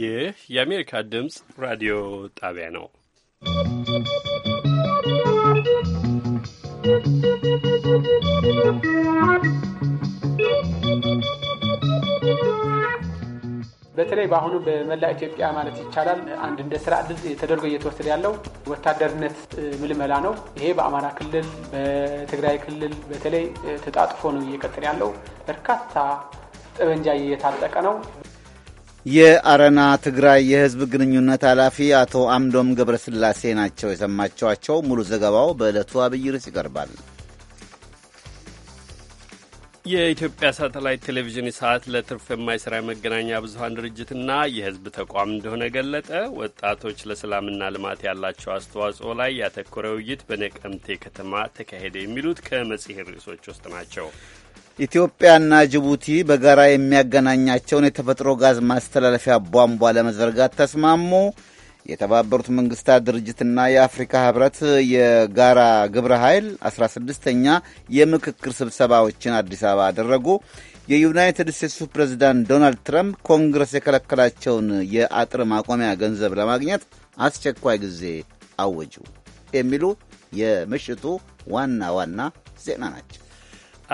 ይህ የአሜሪካ ድምፅ ራዲዮ ጣቢያ ነው። በተለይ በአሁኑ በመላ ኢትዮጵያ ማለት ይቻላል አንድ እንደ ስራ ዕድል ተደርጎ እየተወሰደ ያለው ወታደርነት ምልመላ ነው። ይሄ በአማራ ክልል፣ በትግራይ ክልል በተለይ ተጣጥፎ ነው እየቀጠለ ያለው። በርካታ ጠመንጃ እየታጠቀ ነው። የአረና ትግራይ የህዝብ ግንኙነት ኃላፊ አቶ አምዶም ገብረስላሴ ናቸው የሰማችኋቸው። ሙሉ ዘገባው በዕለቱ አብይ ርዕስ ይቀርባል። የኢትዮጵያ ሳተላይት ቴሌቪዥን ሰዓት ለትርፍ የማይሰራ የመገናኛ ብዙሀን ድርጅትና የህዝብ ተቋም እንደሆነ ገለጠ። ወጣቶች ለሰላምና ልማት ያላቸው አስተዋጽኦ ላይ ያተኮረ ውይይት በነቀምቴ ከተማ ተካሄደ። የሚሉት ከመጽሔት ርዕሶች ውስጥ ናቸው። ኢትዮጵያና ጅቡቲ በጋራ የሚያገናኛቸውን የተፈጥሮ ጋዝ ማስተላለፊያ ቧንቧ ለመዘርጋት ተስማሙ። የተባበሩት መንግስታት ድርጅትና የአፍሪካ ህብረት የጋራ ግብረ ኃይል 16ኛ የምክክር ስብሰባዎችን አዲስ አበባ አደረጉ። የዩናይትድ ስቴትሱ ፕሬዚዳንት ዶናልድ ትራምፕ ኮንግረስ የከለከላቸውን የአጥር ማቆሚያ ገንዘብ ለማግኘት አስቸኳይ ጊዜ አወጁ። የሚሉ የምሽቱ ዋና ዋና ዜና ናቸው።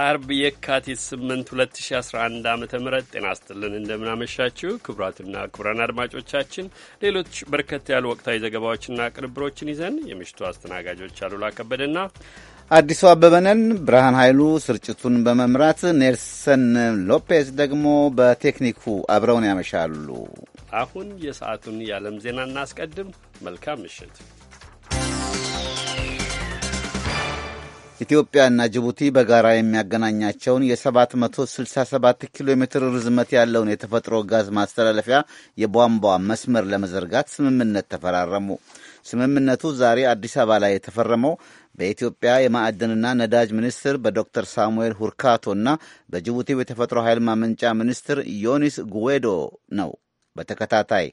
አርብ የካቲት 8 2011 ዓ ም ጤና ስጥልን እንደምናመሻችው ክቡራትና ክቡራን አድማጮቻችን ሌሎች በርከት ያሉ ወቅታዊ ዘገባዎችና ቅንብሮችን ይዘን የምሽቱ አስተናጋጆች አሉላ ከበደና አዲሱ አበበነን ብርሃን ኃይሉ ስርጭቱን በመምራት ኔልሰን ሎፔዝ ደግሞ በቴክኒኩ አብረውን ያመሻሉ አሁን የሰዓቱን የዓለም ዜና እናስቀድም መልካም ምሽት ኢትዮጵያና ጅቡቲ በጋራ የሚያገናኛቸውን የ767 ኪሎ ሜትር ርዝመት ያለውን የተፈጥሮ ጋዝ ማስተላለፊያ የቧንቧ መስመር ለመዘርጋት ስምምነት ተፈራረሙ። ስምምነቱ ዛሬ አዲስ አበባ ላይ የተፈረመው በኢትዮጵያ የማዕድንና ነዳጅ ሚኒስትር በዶክተር ሳሙኤል ሁርካቶ እና በጅቡቲው የተፈጥሮ ኃይል ማመንጫ ሚኒስትር ዮኒስ ጉዌዶ ነው። በተከታታይ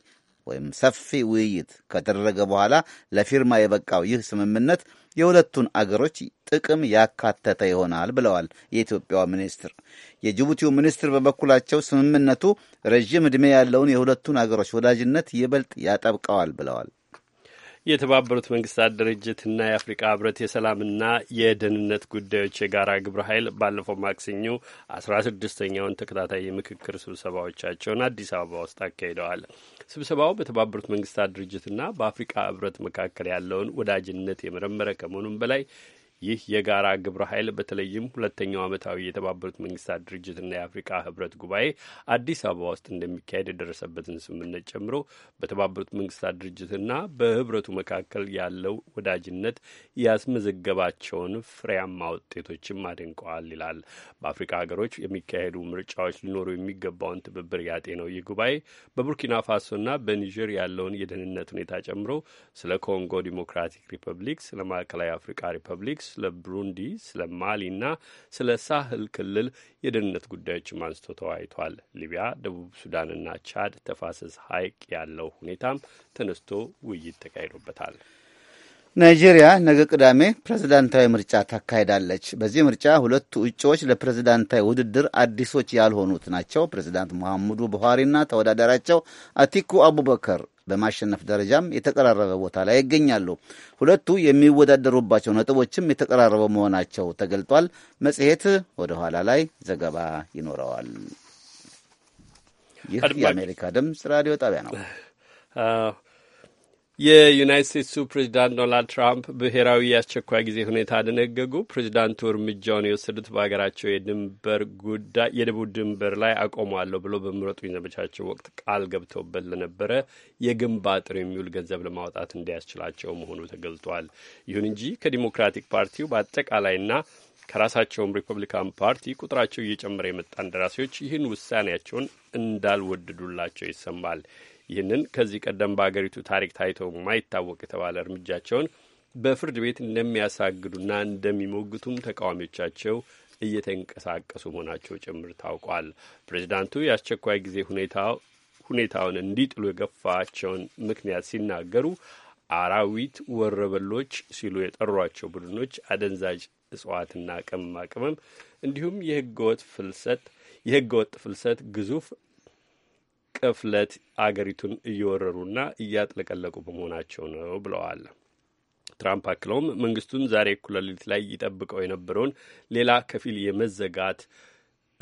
ወይም ሰፊ ውይይት ከተደረገ በኋላ ለፊርማ የበቃው ይህ ስምምነት የሁለቱን አገሮች ጥቅም ያካተተ ይሆናል ብለዋል የኢትዮጵያው ሚኒስትር። የጅቡቲው ሚኒስትር በበኩላቸው ስምምነቱ ረዥም ዕድሜ ያለውን የሁለቱን አገሮች ወዳጅነት ይበልጥ ያጠብቀዋል ብለዋል። የተባበሩት መንግስታት ድርጅትና የአፍሪቃ ህብረት የሰላምና የደህንነት ጉዳዮች የጋራ ግብረ ኃይል ባለፈው ማክሰኞ አስራ ስድስተኛውን ተከታታይ የምክክር ስብሰባዎቻቸውን አዲስ አበባ ውስጥ አካሂደዋል። ስብሰባው በተባበሩት መንግስታት ድርጅትና በአፍሪካ ህብረት መካከል ያለውን ወዳጅነት የመረመረ ከመሆኑም በላይ ይህ የጋራ ግብረ ኃይል በተለይም ሁለተኛው ዓመታዊ የተባበሩት መንግስታት ድርጅትና የአፍሪቃ ህብረት ጉባኤ አዲስ አበባ ውስጥ እንደሚካሄድ የደረሰበትን ስምምነት ጨምሮ በተባበሩት መንግስታት ድርጅትና በህብረቱ መካከል ያለው ወዳጅነት ያስመዘገባቸውን ፍሬያማ ውጤቶችም አድንቀዋል ይላል። በአፍሪቃ ሀገሮች የሚካሄዱ ምርጫዎች ሊኖሩ የሚገባውን ትብብር ያጤነው ይህ ጉባኤ በቡርኪና ፋሶና በኒጀር ያለውን የደህንነት ሁኔታ ጨምሮ ስለ ኮንጎ ዲሞክራቲክ ሪፐብሊክ፣ ስለ ማዕከላዊ አፍሪቃ ሪፐብሊክ ስለ ብሩንዲ፣ ስለ ማሊና ስለ ሳህል ክልል የደህንነት ጉዳዮችም አንስቶ ተወያይቷል። ሊቢያ፣ ደቡብ ሱዳንና ቻድ ተፋሰስ ሐይቅ ያለው ሁኔታም ተነስቶ ውይይት ተካሂዶበታል። ናይጄሪያ ነገ ቅዳሜ ፕሬዝዳንታዊ ምርጫ ታካሂዳለች። በዚህ ምርጫ ሁለቱ እጩዎች ለፕሬዝዳንታዊ ውድድር አዲሶች ያልሆኑት ናቸው። ፕሬዝዳንት ሙሐመዱ ቡሃሪና ተወዳዳሪያቸው አቲኩ አቡበከር በማሸነፍ ደረጃም የተቀራረበ ቦታ ላይ ይገኛሉ። ሁለቱ የሚወዳደሩባቸው ነጥቦችም የተቀራረበ መሆናቸው ተገልጧል። መጽሔት ወደ ኋላ ላይ ዘገባ ይኖረዋል። ይህ የአሜሪካ ድምፅ ራዲዮ ጣቢያ ነው። የዩናይት ስቴትሱ ፕሬዚዳንት ዶናልድ ትራምፕ ብሔራዊ የአስቸኳይ ጊዜ ሁኔታ ደነገጉ። ፕሬዚዳንቱ እርምጃውን የወሰዱት በሀገራቸው የድንበር ጉዳይ የደቡብ ድንበር ላይ አቆማለሁ ብሎ በምረጡኝ ዘመቻቸው ወቅት ቃል ገብተውበት ለነበረ የግንብ አጥር የሚውል ገንዘብ ለማውጣት እንዲያስችላቸው መሆኑ ተገልጧል። ይሁን እንጂ ከዲሞክራቲክ ፓርቲው በአጠቃላይና ከራሳቸውም ሪፐብሊካን ፓርቲ ቁጥራቸው እየጨመረ የመጣ እንደራሴዎች ይህን ውሳኔያቸውን እንዳልወደዱላቸው ይሰማል። ይህንን ከዚህ ቀደም በአገሪቱ ታሪክ ታይቶ ማይታወቅ የተባለ እርምጃቸውን በፍርድ ቤት እንደሚያሳግዱና እንደሚሞግቱም ተቃዋሚዎቻቸው እየተንቀሳቀሱ መሆናቸው ጭምር ታውቋል። ፕሬዚዳንቱ የአስቸኳይ ጊዜ ሁኔታውን እንዲጥሉ የገፋቸውን ምክንያት ሲናገሩ አራዊት ወረበሎች ሲሉ የጠሯቸው ቡድኖች አደንዛዥ እጽዋትና ቅመማ ቅመም እንዲሁም የህገወጥ ፍልሰት የህገወጥ ፍልሰት ግዙፍ ቅፍለት አገሪቱን እየወረሩና እያጥለቀለቁ በመሆናቸው ነው ብለዋል። ትራምፕ አክለውም መንግስቱን ዛሬ እኩለ ሌሊት ላይ ይጠብቀው የነበረውን ሌላ ከፊል የመዘጋት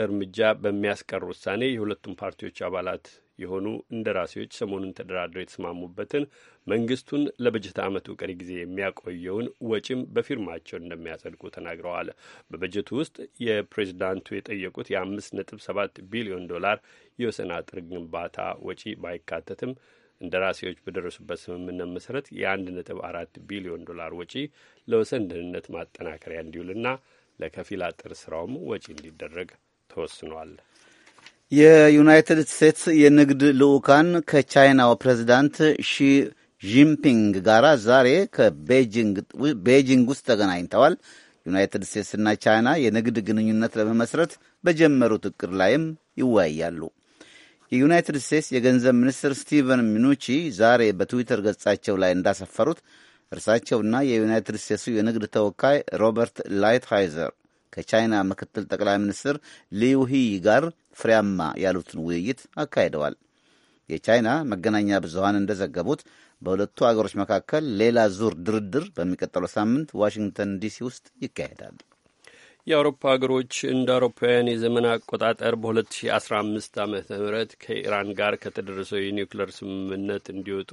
እርምጃ በሚያስቀር ውሳኔ የሁለቱም ፓርቲዎች አባላት የሆኑ እንደራሴዎች ሰሞኑን ተደራድረው የተስማሙበትን መንግስቱን ለበጀት ዓመቱ ቀሪ ጊዜ የሚያቆየውን ወጪም በፊርማቸው እንደሚያጸድቁ ተናግረዋል። በበጀቱ ውስጥ የፕሬዚዳንቱ የጠየቁት የአምስት ነጥብ ሰባት ቢሊዮን ዶላር የወሰን አጥር ግንባታ ወጪ ባይካተትም እንደራሴዎች በደረሱበት ስምምነት መሰረት የአንድ ነጥብ አራት ቢሊዮን ዶላር ወጪ ለወሰን ደህንነት ማጠናከሪያ እንዲውልና ለከፊል አጥር ስራውም ወጪ እንዲደረግ ተወስኗል። የዩናይትድ ስቴትስ የንግድ ልዑካን ከቻይናው ፕሬዚዳንት ሺ ጂንፒንግ ጋር ዛሬ ከቤጂንግ ውስጥ ተገናኝተዋል። ዩናይትድ ስቴትስና ቻይና የንግድ ግንኙነት ለመመስረት በጀመሩት እቅድ ላይም ይወያያሉ። የዩናይትድ ስቴትስ የገንዘብ ሚኒስትር ስቲቨን ሚኑቺ ዛሬ በትዊተር ገጻቸው ላይ እንዳሰፈሩት እርሳቸውና የዩናይትድ ስቴትሱ የንግድ ተወካይ ሮበርት ላይትሃይዘር ከቻይና ምክትል ጠቅላይ ሚኒስትር ሊዩሂ ጋር ፍሬያማ ያሉትን ውይይት አካሂደዋል። የቻይና መገናኛ ብዙሃን እንደዘገቡት በሁለቱ አገሮች መካከል ሌላ ዙር ድርድር በሚቀጥለው ሳምንት ዋሽንግተን ዲሲ ውስጥ ይካሄዳል። የአውሮፓ ሀገሮች እንደ አውሮፓውያን የዘመን አቆጣጠር በ2015 ዓ ም ከኢራን ጋር ከተደረሰው የኒውክሌር ስምምነት እንዲወጡ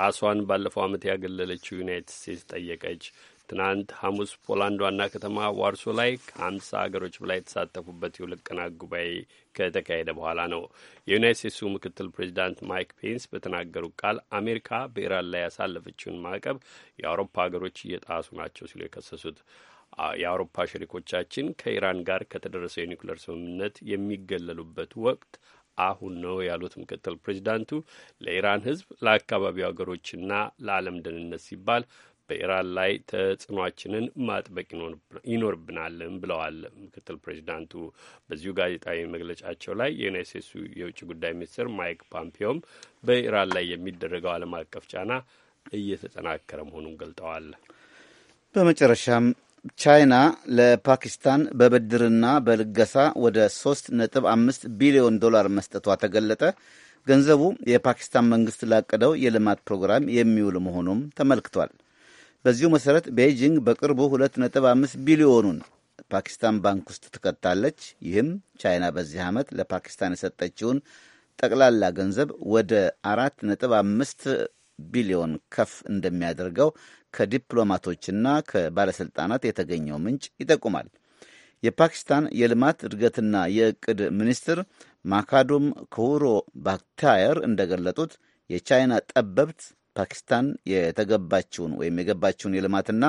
ራሷን ባለፈው ዓመት ያገለለችው ዩናይትድ ስቴትስ ጠየቀች። ትናንት ሐሙስ ፖላንድ ዋና ከተማ ዋርሶ ላይ ከአምሳ ሀገሮች በላይ የተሳተፉበት የሁለት ቀናት ጉባኤ ከተካሄደ በኋላ ነው። የዩናይት ስቴትሱ ምክትል ፕሬዚዳንት ማይክ ፔንስ በተናገሩ ቃል አሜሪካ በኢራን ላይ ያሳለፈችውን ማዕቀብ የአውሮፓ ሀገሮች እየጣሱ ናቸው ሲሉ የከሰሱት የአውሮፓ ሸሪኮቻችን ከኢራን ጋር ከተደረሰው የኒውክሌር ስምምነት የሚገለሉበት ወቅት አሁን ነው ያሉት ምክትል ፕሬዚዳንቱ ለኢራን ሕዝብ ለአካባቢው ሀገሮችና ለዓለም ደህንነት ሲባል በኢራን ላይ ተጽዕኖችንን ማጥበቅ ይኖርብናልም ብለዋል ምክትል ፕሬዚዳንቱ። በዚሁ ጋዜጣዊ መግለጫቸው ላይ የዩናይት ስቴትሱ የውጭ ጉዳይ ሚኒስትር ማይክ ፓምፒዮም በኢራን ላይ የሚደረገው ዓለም አቀፍ ጫና እየተጠናከረ መሆኑን ገልጠዋል። በመጨረሻም ቻይና ለፓኪስታን በብድርና በልገሳ ወደ 3.5 ቢሊዮን ዶላር መስጠቷ ተገለጠ። ገንዘቡ የፓኪስታን መንግስት ላቀደው የልማት ፕሮግራም የሚውል መሆኑም ተመልክቷል። በዚሁ መሠረት ቤይጂንግ በቅርቡ 2.5 ቢሊዮኑን ፓኪስታን ባንክ ውስጥ ትከታለች። ይህም ቻይና በዚህ ዓመት ለፓኪስታን የሰጠችውን ጠቅላላ ገንዘብ ወደ 4.5 ቢሊዮን ከፍ እንደሚያደርገው ከዲፕሎማቶችና ከባለሥልጣናት የተገኘው ምንጭ ይጠቁማል። የፓኪስታን የልማት እድገትና የእቅድ ሚኒስትር ማካዱም ክውሮ ባክታየር እንደገለጡት የቻይና ጠበብት ፓኪስታን የተገባችውን ወይም የገባችውን የልማትና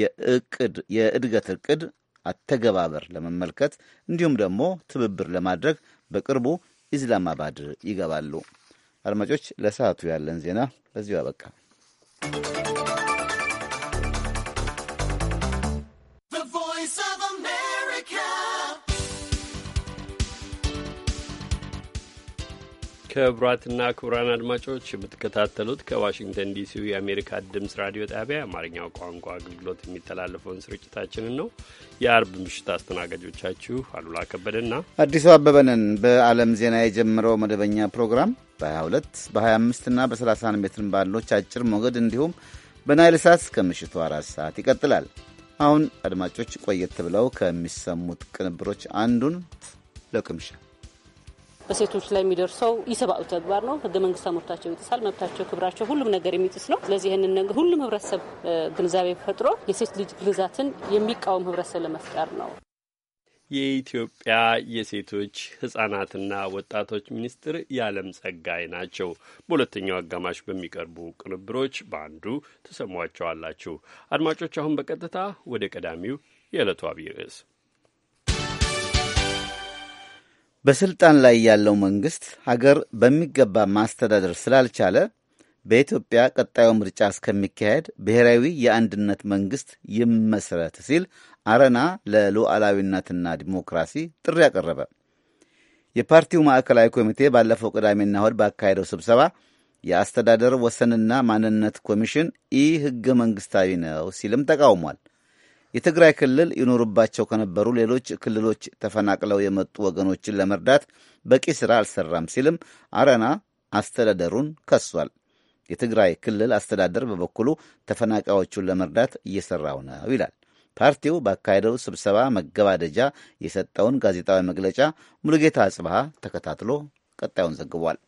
የእቅድ የእድገት እቅድ አተገባበር ለመመልከት እንዲሁም ደግሞ ትብብር ለማድረግ በቅርቡ ኢስላማባድ ይገባሉ። አድማጮች፣ ለሰዓቱ ያለን ዜና በዚሁ አበቃ። ክቡራትና ክቡራን አድማጮች የምትከታተሉት ከዋሽንግተን ዲሲው የአሜሪካ ድምፅ ራዲዮ ጣቢያ የአማርኛው ቋንቋ አገልግሎት የሚተላለፈውን ስርጭታችንን ነው። የአርብ ምሽት አስተናጋጆቻችሁ አሉላ ከበደና አዲሱ አበበንን በዓለም ዜና የጀመረው መደበኛ ፕሮግራም በ22 በ25ና በ31 ሜትር ባሎች አጭር ሞገድ እንዲሁም በናይል ሳት እስከ ምሽቱ አራት ሰዓት ይቀጥላል። አሁን አድማጮች ቆየት ብለው ከሚሰሙት ቅንብሮች አንዱን ለቅምሻ በሴቶች ላይ የሚደርሰው ኢሰብአዊ ተግባር ነው። ህገ መንግስት አሞርታቸው ይጥሳል። መብታቸው፣ ክብራቸው፣ ሁሉም ነገር የሚጥስ ነው። ስለዚህ ይህንን ነገር ሁሉም ህብረተሰብ ግንዛቤ ፈጥሮ የሴት ልጅ ግርዛትን የሚቃወም ህብረተሰብ ለመፍጠር ነው። የኢትዮጵያ የሴቶች ህጻናትና ወጣቶች ሚኒስትር የዓለም ጸጋይ ናቸው። በሁለተኛው አጋማሽ በሚቀርቡ ቅንብሮች በአንዱ ተሰሟቸዋላችሁ። አድማጮች አሁን በቀጥታ ወደ ቀዳሚው የዕለቱ አብይ ርዕስ በስልጣን ላይ ያለው መንግስት ሀገር በሚገባ ማስተዳደር ስላልቻለ በኢትዮጵያ ቀጣዩ ምርጫ እስከሚካሄድ ብሔራዊ የአንድነት መንግስት ይመስረት ሲል አረና ለሉዓላዊነትና ዲሞክራሲ ጥሪ አቀረበ። የፓርቲው ማዕከላዊ ኮሚቴ ባለፈው ቅዳሜና እሁድ ባካሄደው ስብሰባ የአስተዳደር ወሰንና ማንነት ኮሚሽን ኢ ህገ መንግስታዊ ነው ሲልም ተቃውሟል። የትግራይ ክልል ይኖሩባቸው ከነበሩ ሌሎች ክልሎች ተፈናቅለው የመጡ ወገኖችን ለመርዳት በቂ ሥራ አልሰራም ሲልም አረና አስተዳደሩን ከሷል። የትግራይ ክልል አስተዳደር በበኩሉ ተፈናቃዮቹን ለመርዳት እየሠራው ነው ይላል። ፓርቲው ባካሄደው ስብሰባ መገባደጃ የሰጠውን ጋዜጣዊ መግለጫ ሙሉጌታ አጽብሃ ተከታትሎ ቀጣዩን ዘግቧል።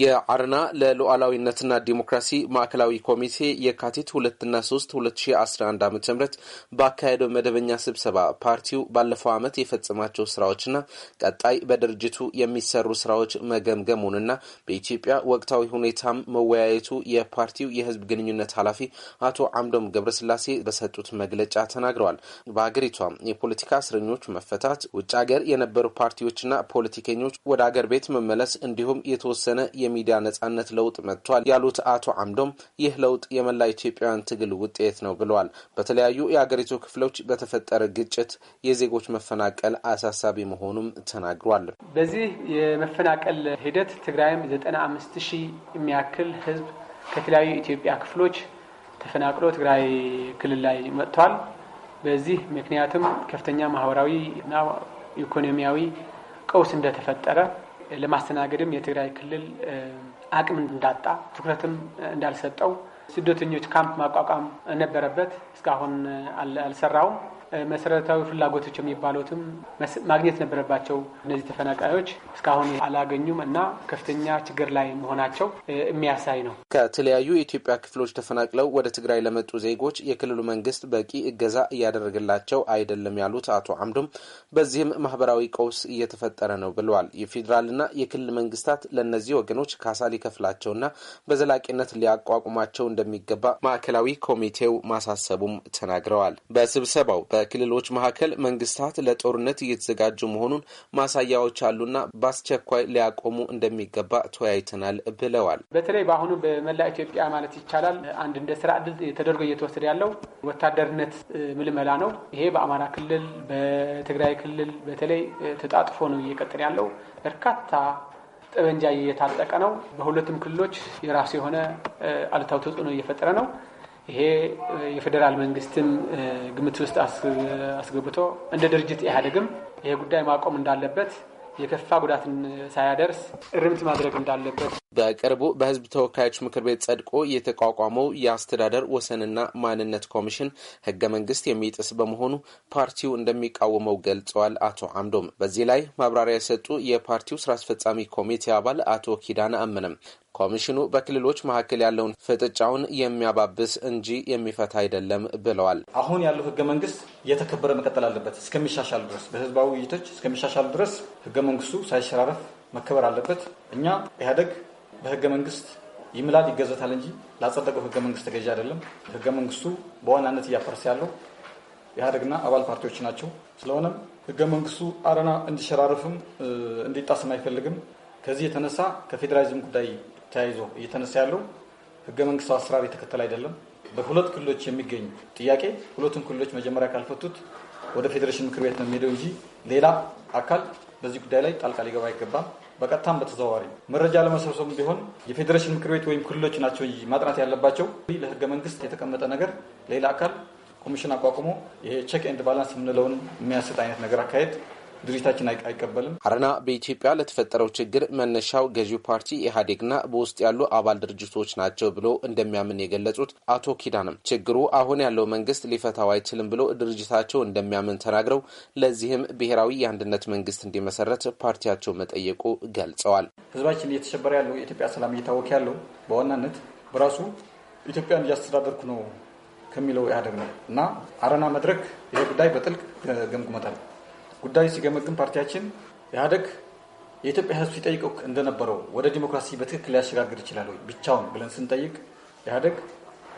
የአርና ለሉዓላዊነትና ዲሞክራሲ ማዕከላዊ ኮሚቴ የካቲት ሁለትና ሶስት ሁለት ሺ አስራ አንድ ዓመተ ምህረት በአካሄደው መደበኛ ስብሰባ ፓርቲው ባለፈው ዓመት የፈጸማቸው ስራዎችና ቀጣይ በድርጅቱ የሚሰሩ ስራዎች መገምገሙንና በኢትዮጵያ ወቅታዊ ሁኔታም መወያየቱ የፓርቲው የህዝብ ግንኙነት ኃላፊ አቶ አምዶም ገብረስላሴ በሰጡት መግለጫ ተናግረዋል። በሀገሪቷ የፖለቲካ እስረኞች መፈታት፣ ውጭ ሀገር የነበሩ ፓርቲዎችና ፖለቲከኞች ወደ አገር ቤት መመለስ እንዲሁም የተወሰነ የሚዲያ ነጻነት ለውጥ መጥቷል ያሉት አቶ አምዶም ይህ ለውጥ የመላ ኢትዮጵያውያን ትግል ውጤት ነው ብለዋል። በተለያዩ የአገሪቱ ክፍሎች በተፈጠረ ግጭት የዜጎች መፈናቀል አሳሳቢ መሆኑም ተናግሯል። በዚህ የመፈናቀል ሂደት ትግራይም ዘጠና አምስት ሺህ የሚያክል ህዝብ ከተለያዩ የኢትዮጵያ ክፍሎች ተፈናቅሎ ትግራይ ክልል ላይ መጥቷል። በዚህ ምክንያትም ከፍተኛ ማህበራዊ እና ኢኮኖሚያዊ ቀውስ እንደተፈጠረ ለማስተናገድም የትግራይ ክልል አቅም እንዳጣ ትኩረትም እንዳልሰጠው ስደተኞች ካምፕ ማቋቋም ነበረበት። እስካሁን አልሰራውም። መሰረታዊ ፍላጎቶች የሚባሉትም ማግኘት ነበረባቸው። እነዚህ ተፈናቃዮች እስካሁን አላገኙም እና ከፍተኛ ችግር ላይ መሆናቸው የሚያሳይ ነው። ከተለያዩ የኢትዮጵያ ክፍሎች ተፈናቅለው ወደ ትግራይ ለመጡ ዜጎች የክልሉ መንግስት በቂ እገዛ እያደረገላቸው አይደለም ያሉት አቶ አምዶም በዚህም ማህበራዊ ቀውስ እየተፈጠረ ነው ብለዋል። የፌዴራልና የክልል መንግስታት ለእነዚህ ወገኖች ካሳ ሊከፍላቸውና በዘላቂነት ሊያቋቁማቸው እንደሚገባ ማዕከላዊ ኮሚቴው ማሳሰቡም ተናግረዋል። በስብሰባው በ በክልሎች መካከል መንግስታት ለጦርነት እየተዘጋጁ መሆኑን ማሳያዎች አሉና በአስቸኳይ ሊያቆሙ እንደሚገባ ተወያይተናል ብለዋል። በተለይ በአሁኑ በመላ ኢትዮጵያ ማለት ይቻላል አንድ እንደ ስራ እድል ተደርጎ እየተወሰደ ያለው ወታደርነት ምልመላ ነው። ይሄ በአማራ ክልል፣ በትግራይ ክልል በተለይ ተጣጥፎ ነው እየቀጠለ ያለው በርካታ ጥበንጃ እየታጠቀ ነው። በሁለቱም ክልሎች የራሱ የሆነ አሉታዊ ተጽዕኖ እየፈጠረ ነው። ይሄ የፌዴራል መንግስትን ግምት ውስጥ አስገብቶ እንደ ድርጅት ኢህአዴግም ይሄ ጉዳይ ማቆም እንዳለበት የከፋ ጉዳትን ሳያደርስ እርምት ማድረግ እንዳለበት በቅርቡ በህዝብ ተወካዮች ምክር ቤት ጸድቆ የተቋቋመው የአስተዳደር ወሰንና ማንነት ኮሚሽን ህገ መንግስት የሚጥስ በመሆኑ ፓርቲው እንደሚቃወመው ገልጸዋል። አቶ አምዶም በዚህ ላይ ማብራሪያ የሰጡ የፓርቲው ስራ አስፈጻሚ ኮሚቴ አባል አቶ ኪዳነ አመነም ኮሚሽኑ በክልሎች መካከል ያለውን ፍጥጫውን የሚያባብስ እንጂ የሚፈታ አይደለም ብለዋል። አሁን ያለው ህገ መንግስት እየተከበረ መቀጠል አለበት እስከሚሻሻሉ ድረስ በህዝባዊ ውይይቶች እስከሚሻሻሉ ድረስ ህገ መንግስቱ ሳይሸራረፍ መከበር አለበት። እኛ ኢህአዴግ በህገ መንግስት ይምላል ይገዘታል እንጂ ላጸደቀው ህገ መንግስት ተገዥ አይደለም። ህገ መንግስቱ በዋናነት እያፈረሰ ያለው ኢህአዴግና አባል ፓርቲዎች ናቸው። ስለሆነም ህገ መንግስቱ አረና እንዲሸራረፍም እንዲጣስም አይፈልግም። ከዚህ የተነሳ ከፌዴራሊዝም ጉዳይ ተያይዞ እየተነሳ ያለው ህገ መንግስቱ አሰራር የተከተለ አይደለም። በሁለት ክልሎች የሚገኝ ጥያቄ ሁለቱም ክልሎች መጀመሪያ ካልፈቱት ወደ ፌዴሬሽን ምክር ቤት ነው የሚሄደው እንጂ ሌላ አካል በዚህ ጉዳይ ላይ ጣልቃ ሊገባ አይገባም። በቀጥታም በተዘዋዋሪ መረጃ ለመሰብሰብ ቢሆን የፌዴሬሽን ምክር ቤት ወይም ክልሎች ናቸው ማጥናት ያለባቸው። ለህገ መንግስት የተቀመጠ ነገር ሌላ አካል ኮሚሽን አቋቁሞ ይሄ ቼክ ኤንድ ባላንስ የምንለውን የሚያሰጥ አይነት ነገር አካሄድ ድርጅታችን አይቀበልም። አረና በኢትዮጵያ ለተፈጠረው ችግር መነሻው ገዢው ፓርቲ ኢህአዴግና በውስጥ ያሉ አባል ድርጅቶች ናቸው ብሎ እንደሚያምን የገለጹት አቶ ኪዳንም ችግሩ አሁን ያለው መንግስት ሊፈታው አይችልም ብሎ ድርጅታቸው እንደሚያምን ተናግረው ለዚህም ብሔራዊ የአንድነት መንግስት እንዲመሰረት ፓርቲያቸው መጠየቁ ገልጸዋል። ህዝባችን እየተሸበረ ያለው የኢትዮጵያ ሰላም እየታወክ ያለው በዋናነት በራሱ ኢትዮጵያን እያስተዳደርኩ ነው ከሚለው ኢህአዴግ ነው እና አረና መድረክ ይሄ ጉዳይ በጥልቅ ገምግሞታል። ጉዳዩ ሲገመግም ፓርቲያችን ኢህአደግ የኢትዮጵያ ህዝብ ሲጠይቀው እንደነበረው ወደ ዲሞክራሲ በትክክል ሊያሸጋግር ይችላል ወይ ብቻውን ብለን ስንጠይቅ ኢህአደግ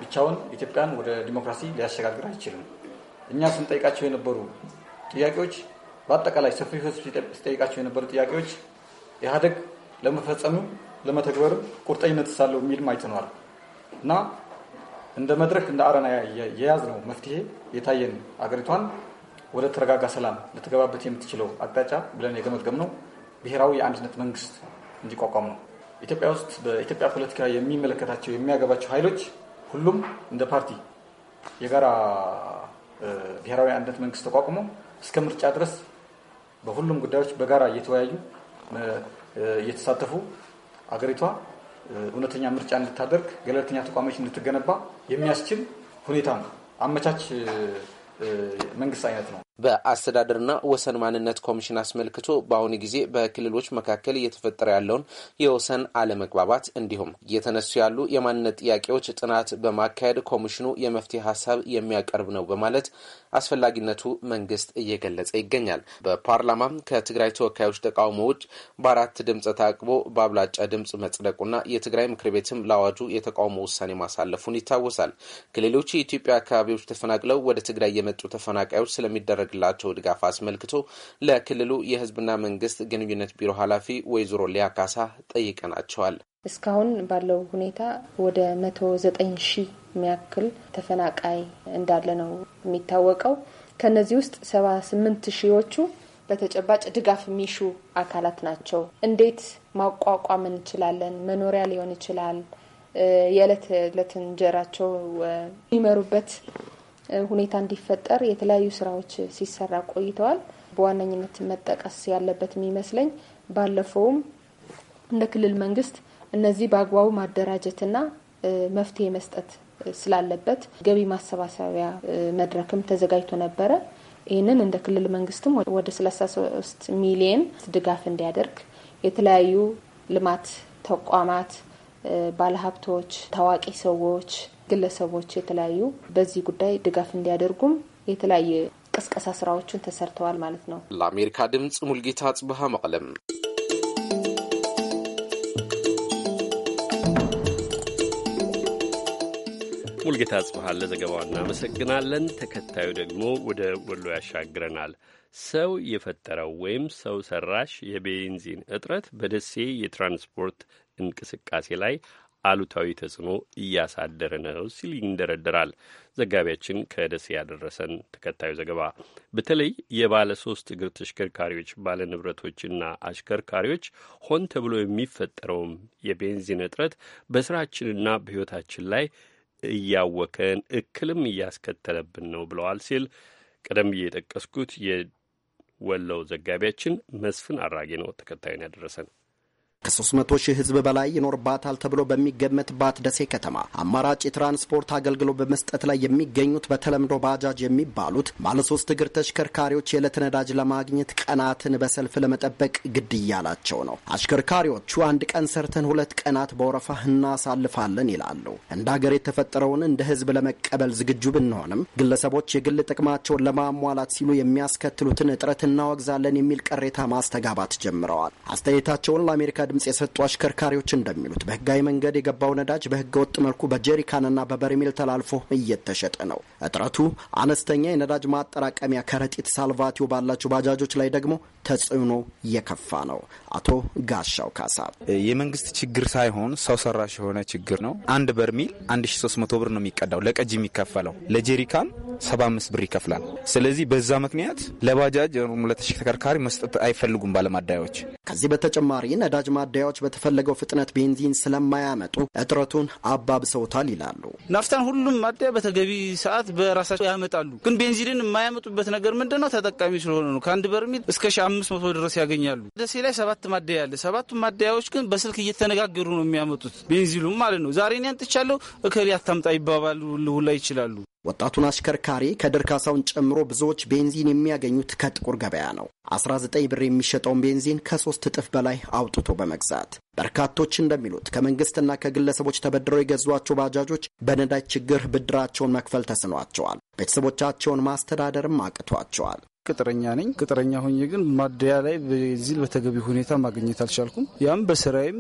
ብቻውን ኢትዮጵያን ወደ ዲሞክራሲ ሊያሸጋግር አይችልም። እኛ ስንጠይቃቸው የነበሩ ጥያቄዎች በአጠቃላይ ሰፊ ህዝብ ሲጠይቃቸው የነበሩ ጥያቄዎች ኢህአደግ ለመፈጸምም ለመተግበርም ቁርጠኝነት ሳለው የሚልም አይተነዋል እና እንደ መድረክ እንደ አረና የያዝነው መፍትሄ የታየን አገሪቷን ወደ ተረጋጋ ሰላም ልትገባበት የምትችለው አቅጣጫ ብለን ነው ብሔራዊ የአንድነት መንግስት እንዲቋቋም ነው። ኢትዮጵያ ውስጥ በኢትዮጵያ ፖለቲካ የሚመለከታቸው የሚያገባቸው ኃይሎች ሁሉም እንደ ፓርቲ የጋራ ብሔራዊ አንድነት መንግስት ተቋቁሞ እስከ ምርጫ ድረስ በሁሉም ጉዳዮች በጋራ እየተወያዩ እየተሳተፉ አገሪቷ እውነተኛ ምርጫ እንድታደርግ ገለልተኛ ተቋሞች እንድትገነባ የሚያስችል ሁኔታ ነው አመቻች መንግስት አይነት ነው። በአስተዳደርና ወሰን ማንነት ኮሚሽን አስመልክቶ በአሁኑ ጊዜ በክልሎች መካከል እየተፈጠረ ያለውን የወሰን አለመግባባት እንዲሁም እየተነሱ ያሉ የማንነት ጥያቄዎች ጥናት በማካሄድ ኮሚሽኑ የመፍትሄ ሀሳብ የሚያቀርብ ነው በማለት አስፈላጊነቱ መንግስት እየገለጸ ይገኛል። በፓርላማም ከትግራይ ተወካዮች ተቃውሞ ውጭ በአራት ድምፅ ታቅቦ በአብላጫ ድምፅ መጽደቁና የትግራይ ምክር ቤትም ለአዋጁ የተቃውሞ ውሳኔ ማሳለፉን ይታወሳል። ከሌሎች የኢትዮጵያ አካባቢዎች ተፈናቅለው ወደ ትግራይ የመጡ ተፈናቃዮች ስለሚደረግ የሚደረግላቸው ድጋፍ አስመልክቶ ለክልሉ የህዝብና መንግስት ግንኙነት ቢሮ ኃላፊ ወይዘሮ ሊያ ካሳ ጠይቀናቸዋል። እስካሁን ባለው ሁኔታ ወደ መቶ ዘጠኝ ሺህ የሚያክል ተፈናቃይ እንዳለ ነው የሚታወቀው። ከነዚህ ውስጥ ሰባ ስምንት ሺዎቹ በተጨባጭ ድጋፍ የሚሹ አካላት ናቸው። እንዴት ማቋቋም እንችላለን? መኖሪያ ሊሆን ይችላል፣ የዕለት ዕለት እንጀራቸው የሚመሩበት ሁኔታ እንዲፈጠር የተለያዩ ስራዎች ሲሰራ ቆይተዋል። በዋነኝነት መጠቀስ ያለበት የሚመስለኝ ባለፈውም እንደ ክልል መንግስት እነዚህ በአግባቡ ማደራጀትና መፍትሄ መስጠት ስላለበት ገቢ ማሰባሰቢያ መድረክም ተዘጋጅቶ ነበረ። ይህንን እንደ ክልል መንግስትም ወደ 33 ሚሊየን ድጋፍ እንዲያደርግ የተለያዩ ልማት ተቋማት፣ ባለሀብቶች፣ ታዋቂ ሰዎች ግለሰቦች የተለያዩ በዚህ ጉዳይ ድጋፍ እንዲያደርጉም የተለያየ ቅስቀሳ ስራዎችን ተሰርተዋል ማለት ነው። ለአሜሪካ ድምፅ ሙልጌታ ጽብሃ መቅለም ሙልጌታ ጽብሃ ለዘገባው እናመሰግናለን። ተከታዩ ደግሞ ወደ ወሎ ያሻግረናል። ሰው የፈጠረው ወይም ሰው ሰራሽ የቤንዚን እጥረት በደሴ የትራንስፖርት እንቅስቃሴ ላይ አሉታዊ ተጽዕኖ እያሳደረ ነው ሲል ይንደረደራል። ዘጋቢያችን ከደሴ ያደረሰን ተከታዩ ዘገባ በተለይ የባለ ሶስት እግር ተሽከርካሪዎች ባለ ንብረቶችና አሽከርካሪዎች ሆን ተብሎ የሚፈጠረውም የቤንዚን እጥረት በስራችንና በሕይወታችን ላይ እያወከን እክልም እያስከተለብን ነው ብለዋል ሲል ቀደም ብዬ የጠቀስኩት የወለው ዘጋቢያችን መስፍን አራጌ ነው ተከታዩን ያደረሰን። ከ300 ሺህ ህዝብ በላይ ይኖርባታል ተብሎ በሚገመትባት ደሴ ከተማ አማራጭ የትራንስፖርት አገልግሎት በመስጠት ላይ የሚገኙት በተለምዶ ባጃጅ የሚባሉት ባለሶስት እግር ተሽከርካሪዎች የዕለት ነዳጅ ለማግኘት ቀናትን በሰልፍ ለመጠበቅ ግድ እያላቸው ነው። አሽከርካሪዎቹ አንድ ቀን ሰርተን ሁለት ቀናት በወረፋ እናሳልፋለን ይላሉ። እንደ ሀገር የተፈጠረውን እንደ ህዝብ ለመቀበል ዝግጁ ብንሆንም ግለሰቦች የግል ጥቅማቸውን ለማሟላት ሲሉ የሚያስከትሉትን እጥረት እናወግዛለን የሚል ቅሬታ ማስተጋባት ጀምረዋል። አስተያየታቸውን ለአሜሪካ ድምፅ የሰጡ አሽከርካሪዎች እንደሚሉት በህጋዊ መንገድ የገባው ነዳጅ በህገ ወጥ መልኩ በጀሪካንና በበርሜል ተላልፎ እየተሸጠ ነው። እጥረቱ አነስተኛ የነዳጅ ማጠራቀሚያ ከረጢት ሳልቫቲዮ ባላቸው ባጃጆች ላይ ደግሞ ተጽዕኖ የከፋ ነው። አቶ ጋሻው ካሳ የመንግስት ችግር ሳይሆን ሰው ሰራሽ የሆነ ችግር ነው። አንድ በርሚል 1300 ብር ነው የሚቀዳው፣ ለቀጅ የሚከፈለው ለጀሪካን 75 ብር ይከፍላል። ስለዚህ በዛ ምክንያት ለባጃጅ ለተሽከርካሪ መስጠት አይፈልጉም ባለማደያዎች። ከዚህ በተጨማሪ ነዳጅ ማደያዎች በተፈለገው ፍጥነት ቤንዚን ስለማያመጡ እጥረቱን አባብሰውታል ይላሉ። ናፍታን ሁሉም ማደያ በተገቢ ሰዓት በራሳቸው ያመጣሉ። ግን ቤንዚንን የማያመጡበት ነገር ምንድነው ተጠቃሚ ስለሆነ ነው። ከአንድ በርሚል እስከ 1500 ድረስ ያገኛሉ። ደሴ ላይ ሰባት ሰባት ማደያ አለ። ሰባቱ ማደያዎች ግን በስልክ እየተነጋገሩ ነው የሚያመጡት ቤንዚሉም ማለት ነው። ዛሬ እኔ አንጥቻለሁ እከሌ አታምጣ ይባባሉ ልሁላ ይችላሉ። ወጣቱን አሽከርካሪ ከድር ካሳውን ጨምሮ ብዙዎች ቤንዚን የሚያገኙት ከጥቁር ገበያ ነው። 19 ብር የሚሸጠውን ቤንዚን ከሶስት እጥፍ በላይ አውጥቶ በመግዛት በርካቶች እንደሚሉት ከመንግስትና ከግለሰቦች ተበድረው የገዟቸው ባጃጆች በነዳጅ ችግር ብድራቸውን መክፈል ተስኗቸዋል። ቤተሰቦቻቸውን ማስተዳደርም አቅቷቸዋል። ቅጥረኛ ነኝ። ቅጥረኛ ሆኜ ግን ማደያ ላይ በዚህ በተገቢ ሁኔታ ማግኘት አልቻልኩም። ያም በስራይም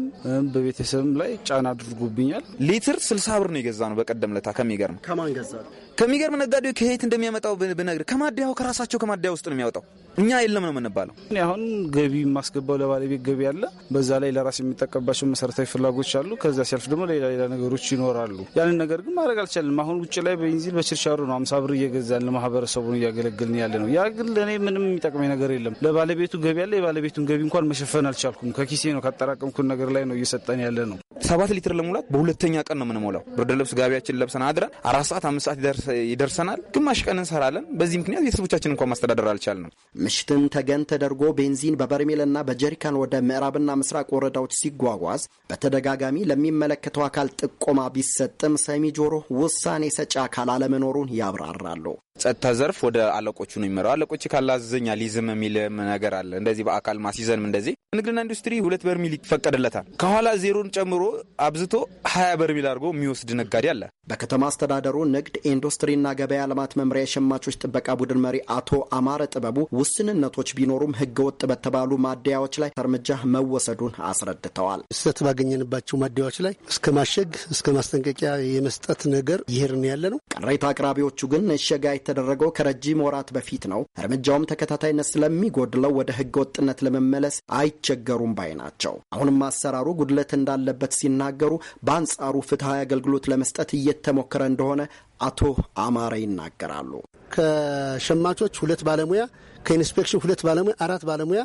በቤተሰብም ላይ ጫና አድርጎብኛል። ሊትር ስልሳ ብር ነው የገዛ ነው በቀደም ለታ ከሚገርም ከማን ገዛ ከሚገርም ነጋዴው ከየት እንደሚያመጣው ብነግርህ ከማደያው ከራሳቸው ከማደያ ውስጥ ነው የሚያወጣው። እኛ የለም ነው የምንባለው። አሁን ገቢ የማስገባው ለባለቤት ገቢ አለ። በዛ ላይ ለራስ የሚጠቀምባቸው መሰረታዊ ፍላጎች አሉ። ከዛ ሲያልፍ ደግሞ ሌላ ሌላ ነገሮች ይኖራሉ። ያንን ነገር ግን ማድረግ አልቻለም። አሁን ውጭ ላይ በቤንዚን በችርቻሩ ነው አምሳ ብር እየገዛን ለማህበረሰቡን እያገለገልን ያለ ነው። ያ ግን ለእኔ ምንም የሚጠቅመኝ ነገር የለም። ለባለቤቱ ገቢ አለ። የባለቤቱን ገቢ እንኳን መሸፈን አልቻልኩም። ከኪሴ ነው ካጠራቀምኩን ነገር ላይ ነው እየሰጠን ያለ ነው። ሰባት ሊትር ለሙላት በሁለተኛ ቀን ነው የምንሞላው። ብርድ ልብስ ጋቢያችን ለብሰን አድረን አራት ሰዓት አምስት ሰዓት ይደርስ ይደርሰናል። ግማሽ ቀን እንሰራለን። በዚህ ምክንያት ቤተሰቦቻችን እንኳን ማስተዳደር አልቻልንም። ምሽትን ተገን ተደርጎ ቤንዚን በበርሜልና በጀሪካን ወደ ምዕራብና ምስራቅ ወረዳዎች ሲጓጓዝ በተደጋጋሚ ለሚመለከተው አካል ጥቆማ ቢሰጥም ሰሚ ጆሮ ውሳኔ ሰጪ አካል አለመኖሩን ያብራራሉ። ጸጥታ ዘርፍ ወደ አለቆቹ ነው የሚመራው። አለቆች ካላዘዘኛ ሊዝም የሚል ነገር አለ። እንደዚህ በአካል ማስይዘንም እንደዚህ ንግድና ኢንዱስትሪ ሁለት በርሚል ይፈቀድለታል። ከኋላ ዜሮን ጨምሮ አብዝቶ ሀያ በርሚል አድርጎ የሚወስድ ነጋዴ አለ። በከተማ አስተዳደሩ ንግድ ኢንዱስትሪ ኢንዱስትሪና ገበያ ልማት መምሪያ የሸማቾች ጥበቃ ቡድን መሪ አቶ አማረ ጥበቡ ውስንነቶች ቢኖሩም ህገወጥ በተባሉ ማደያዎች ላይ እርምጃ መወሰዱን አስረድተዋል። ስህተት ባገኘንባቸው ማደያዎች ላይ እስከ ማሸግ እስከ ማስጠንቀቂያ የመስጠት ነገር ይሄርን ያለ ነው። ቅሬታ አቅራቢዎቹ ግን እሸጋ የተደረገው ከረጅም ወራት በፊት ነው፣ እርምጃውም ተከታታይነት ስለሚጎድለው ወደ ህገ ወጥነት ለመመለስ አይቸገሩም ባይ ናቸው። አሁንም አሰራሩ ጉድለት እንዳለበት ሲናገሩ፣ በአንጻሩ ፍትሐዊ አገልግሎት ለመስጠት እየተሞከረ እንደሆነ አቶ አማረ ይናገራሉ። ከሸማቾች ሁለት ባለሙያ፣ ከኢንስፔክሽን ሁለት ባለሙያ፣ አራት ባለሙያ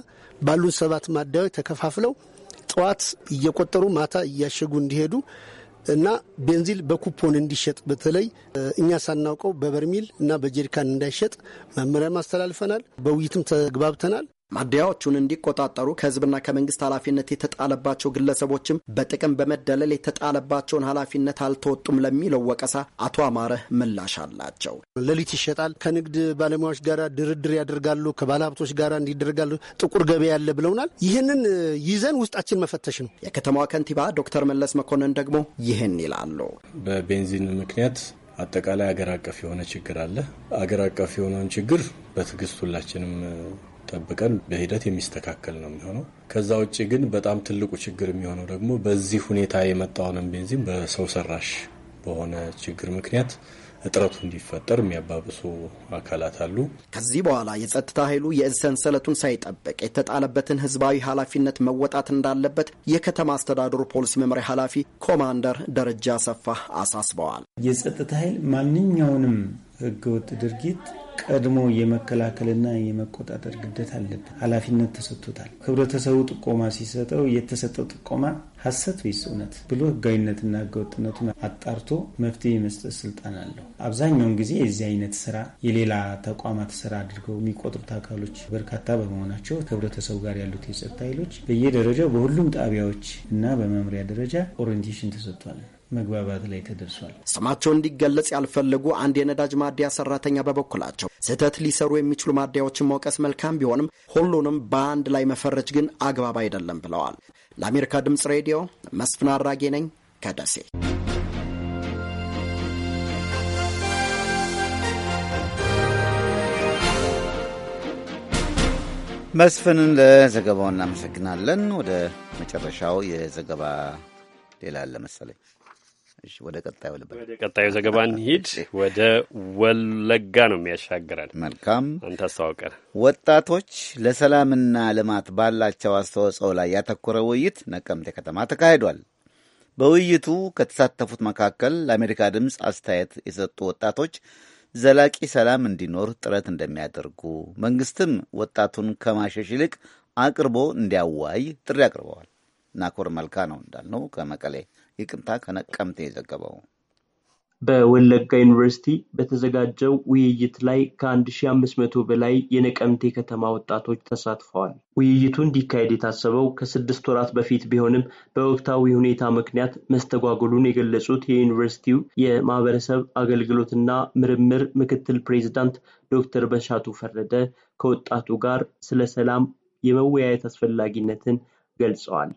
ባሉን ሰባት ማደያዎች ተከፋፍለው ጠዋት እየቆጠሩ ማታ እያሸጉ እንዲሄዱ እና ቤንዚል በኩፖን እንዲሸጥ በተለይ እኛ ሳናውቀው በበርሚል እና በጀሪካን እንዳይሸጥ መመሪያም አስተላልፈናል። በውይይትም ተግባብተናል። ማደያዎቹን እንዲቆጣጠሩ ከህዝብና ከመንግስት ኃላፊነት የተጣለባቸው ግለሰቦችም በጥቅም በመደለል የተጣለባቸውን ኃላፊነት አልተወጡም ለሚለው ወቀሳ አቶ አማረ ምላሽ አላቸው። ሌሊት ይሸጣል፣ ከንግድ ባለሙያዎች ጋር ድርድር ያደርጋሉ፣ ከባለሀብቶች ጋር እንዲደረጋሉ ጥቁር ገበያ ያለ ብለውናል። ይህንን ይዘን ውስጣችን መፈተሽ ነው። የከተማዋ ከንቲባ ዶክተር መለስ መኮንን ደግሞ ይህን ይላሉ። በቤንዚን ምክንያት አጠቃላይ አገር አቀፍ የሆነ ችግር አለ። አገር አቀፍ የሆነውን ችግር በትዕግስት ሁላችንም ጠብቀን በሂደት የሚስተካከል ነው የሚሆነው። ከዛ ውጭ ግን በጣም ትልቁ ችግር የሚሆነው ደግሞ በዚህ ሁኔታ የመጣውንም ቤንዚን በሰው ሰራሽ በሆነ ችግር ምክንያት እጥረቱ እንዲፈጠር የሚያባብሱ አካላት አሉ። ከዚህ በኋላ የጸጥታ ኃይሉ የእዝ ሰንሰለቱን ሳይጠበቅ የተጣለበትን ህዝባዊ ኃላፊነት መወጣት እንዳለበት የከተማ አስተዳደሩ ፖሊስ መምሪያ ኃላፊ ኮማንደር ደረጃ ሰፋ አሳስበዋል። የጸጥታ ኃይል ማንኛውንም ህገወጥ ድርጊት ቀድሞ የመከላከልና የመቆጣጠር ግዴታ አለበት። ኃላፊነት ተሰጥቶታል። ህብረተሰቡ ጥቆማ ሲሰጠው የተሰጠው ጥቆማ ሀሰት ወይስ እውነት ብሎ ህጋዊነትና ህገወጥነቱን አጣርቶ መፍትሄ የመስጠት ስልጣን አለው። አብዛኛውን ጊዜ የዚህ አይነት ስራ የሌላ ተቋማት ስራ አድርገው የሚቆጥሩት አካሎች በርካታ በመሆናቸው ከህብረተሰቡ ጋር ያሉት የጸጥታ ኃይሎች በየደረጃው በሁሉም ጣቢያዎች እና በመምሪያ ደረጃ ኦሪንቴሽን ተሰጥቷል። መግባባት ላይ ተደርሷል። ስማቸው እንዲገለጽ ያልፈለጉ አንድ የነዳጅ ማደያ ሰራተኛ በበኩላቸው ስህተት ሊሰሩ የሚችሉ ማደያዎችን መውቀስ መልካም ቢሆንም ሁሉንም በአንድ ላይ መፈረጅ ግን አግባብ አይደለም ብለዋል። ለአሜሪካ ድምፅ ሬዲዮ መስፍን አራጌ ነኝ ከደሴ። መስፍንን ለዘገባው እናመሰግናለን። ወደ መጨረሻው የዘገባ ሌላ አለ መሰለኝ። ወደ ቀጣዩ ልበል። ቀጣዩ ዘገባ እንሂድ። ወደ ወለጋ ነው የሚያሻግረን። መልካም አንተ አስተዋውቀን። ወጣቶች ለሰላምና ልማት ባላቸው አስተዋጽኦ ላይ ያተኮረ ውይይት ነቀምቴ ከተማ ተካሂዷል። በውይይቱ ከተሳተፉት መካከል ለአሜሪካ ድምፅ አስተያየት የሰጡ ወጣቶች ዘላቂ ሰላም እንዲኖር ጥረት እንደሚያደርጉ መንግስትም ወጣቱን ከማሸሽ ይልቅ አቅርቦ እንዲያዋይ ጥሪ አቅርበዋል። ናኮር መልካ ነው እንዳልነው ከመቀሌ ይቅንታ ከነቀምቴ የዘገበው በወለጋ ዩኒቨርሲቲ በተዘጋጀው ውይይት ላይ ከ1500 በላይ የነቀምቴ ከተማ ወጣቶች ተሳትፈዋል። ውይይቱ እንዲካሄድ የታሰበው ከስድስት ወራት በፊት ቢሆንም በወቅታዊ ሁኔታ ምክንያት መስተጓጎሉን የገለጹት የዩኒቨርሲቲው የማህበረሰብ አገልግሎትና ምርምር ምክትል ፕሬዚዳንት ዶክተር በሻቱ ፈረደ ከወጣቱ ጋር ስለ ሰላም የመወያየት አስፈላጊነትን ገልጸዋል።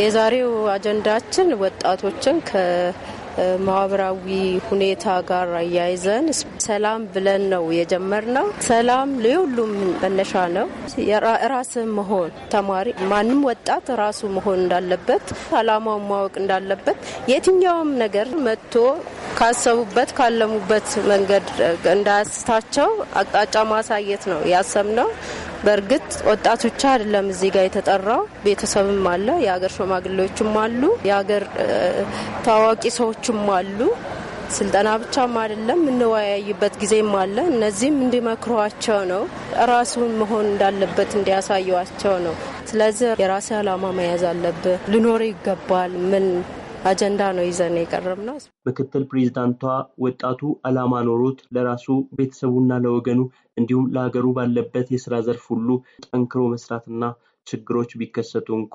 የዛሬው አጀንዳችን ወጣቶችን ከማህበራዊ ሁኔታ ጋር አያይዘን ሰላም ብለን ነው የጀመርነው። ሰላም ለሁሉም መነሻ ነው። ራስ መሆን ተማሪ ማንም ወጣት ራሱ መሆን እንዳለበት አላማውን ማወቅ እንዳለበት የትኛውም ነገር መጥቶ ካሰቡበት ካለሙበት መንገድ እንዳያስታቸው አቅጣጫ ማሳየት ነው ያሰብነው። በእርግጥ ወጣቱ ብቻ አይደለም እዚህ ጋር የተጠራው፣ ቤተሰብም አለ፣ የሀገር ሽማግሌዎችም አሉ፣ የሀገር ታዋቂ ሰዎችም አሉ። ስልጠና ብቻም አይደለም የምንወያይበት ጊዜም አለ። እነዚህም እንዲመክሯቸው ነው፣ ራሱን መሆን እንዳለበት እንዲያሳዩቸው ነው። ስለዚህ የራሴ አላማ መያዝ አለብህ፣ ልኖር ይገባል ምን አጀንዳ ነው ይዘን የቀረብ ነው። ምክትል ፕሬዚዳንቷ ወጣቱ አላማ ኖሮት ለራሱ ቤተሰቡና ለወገኑ እንዲሁም ለሀገሩ ባለበት የስራ ዘርፍ ሁሉ ጠንክሮ መስራትና ችግሮች ቢከሰቱ እንኳ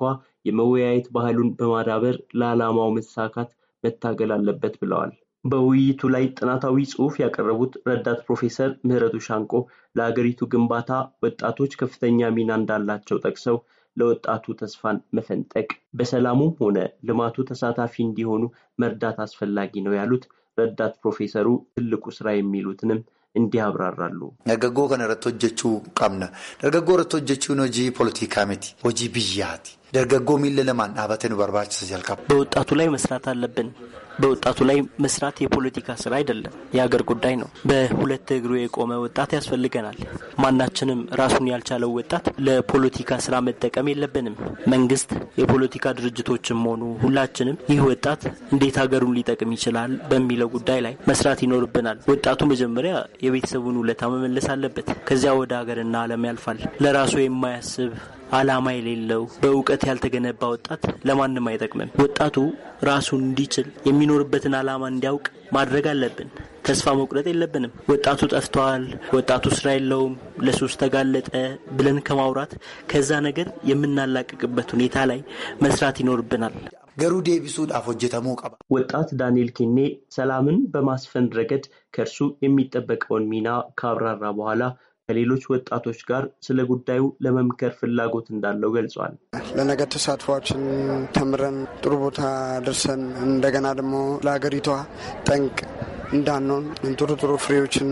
የመወያየት ባህሉን በማዳበር ለዓላማው መሳካት መታገል አለበት ብለዋል። በውይይቱ ላይ ጥናታዊ ጽሑፍ ያቀረቡት ረዳት ፕሮፌሰር ምህረቱ ሻንቆ ለሀገሪቱ ግንባታ ወጣቶች ከፍተኛ ሚና እንዳላቸው ጠቅሰው ለወጣቱ ተስፋን መፈንጠቅ፣ በሰላሙም ሆነ ልማቱ ተሳታፊ እንዲሆኑ መርዳት አስፈላጊ ነው ያሉት ረዳት ፕሮፌሰሩ ትልቁ ስራ የሚሉትንም እንዲህ አብራራሉ። ነገጎ ከነ ረቶጀቹ ቀብነ ደርገጎ ረቶጀቹን ሆጂ ፖለቲካ ሜቲ ወጂ ብያቲ ደርገጎ ሚል ለማን አበትን በርባች ስጀልካ በወጣቱ ላይ መስራት አለብን። በወጣቱ ላይ መስራት የፖለቲካ ስራ አይደለም፣ የሀገር ጉዳይ ነው። በሁለት እግሩ የቆመ ወጣት ያስፈልገናል። ማናችንም ራሱን ያልቻለው ወጣት ለፖለቲካ ስራ መጠቀም የለብንም። መንግስት፣ የፖለቲካ ድርጅቶችም ሆኑ ሁላችንም ይህ ወጣት እንዴት ሀገሩን ሊጠቅም ይችላል በሚለው ጉዳይ ላይ መስራት ይኖርብናል። ወጣቱ መጀመሪያ የቤተሰቡን ውለታ መመለስ አለበት። ከዚያ ወደ ሀገርና ዓለም ያልፋል። ለራሱ የማያስብ ዓላማ የሌለው በእውቀት ያልተገነባ ወጣት ለማንም አይጠቅምም። ወጣቱ ራሱን እንዲችል የሚኖርበትን ዓላማ እንዲያውቅ ማድረግ አለብን። ተስፋ መቁረጥ የለብንም። ወጣቱ ጠፍቷል፣ ወጣቱ ስራ የለውም፣ ለሱስ ተጋለጠ ብለን ከማውራት ከዛ ነገር የምናላቅቅበት ሁኔታ ላይ መስራት ይኖርብናል። ገሩ ዴቪሱ ሆጀተሙ ቀባ ወጣት ዳንኤል ኬኔ ሰላምን በማስፈን ረገድ ከእርሱ የሚጠበቀውን ሚና ካብራራ በኋላ ከሌሎች ወጣቶች ጋር ስለ ጉዳዩ ለመምከር ፍላጎት እንዳለው ገልጿል። ለነገ ተሳትፏችን ተምረን ጥሩ ቦታ ደርሰን እንደገና ደግሞ ለሀገሪቷ ጠንቅ እንዳንሆን ጥሩ ጥሩ ፍሬዎችን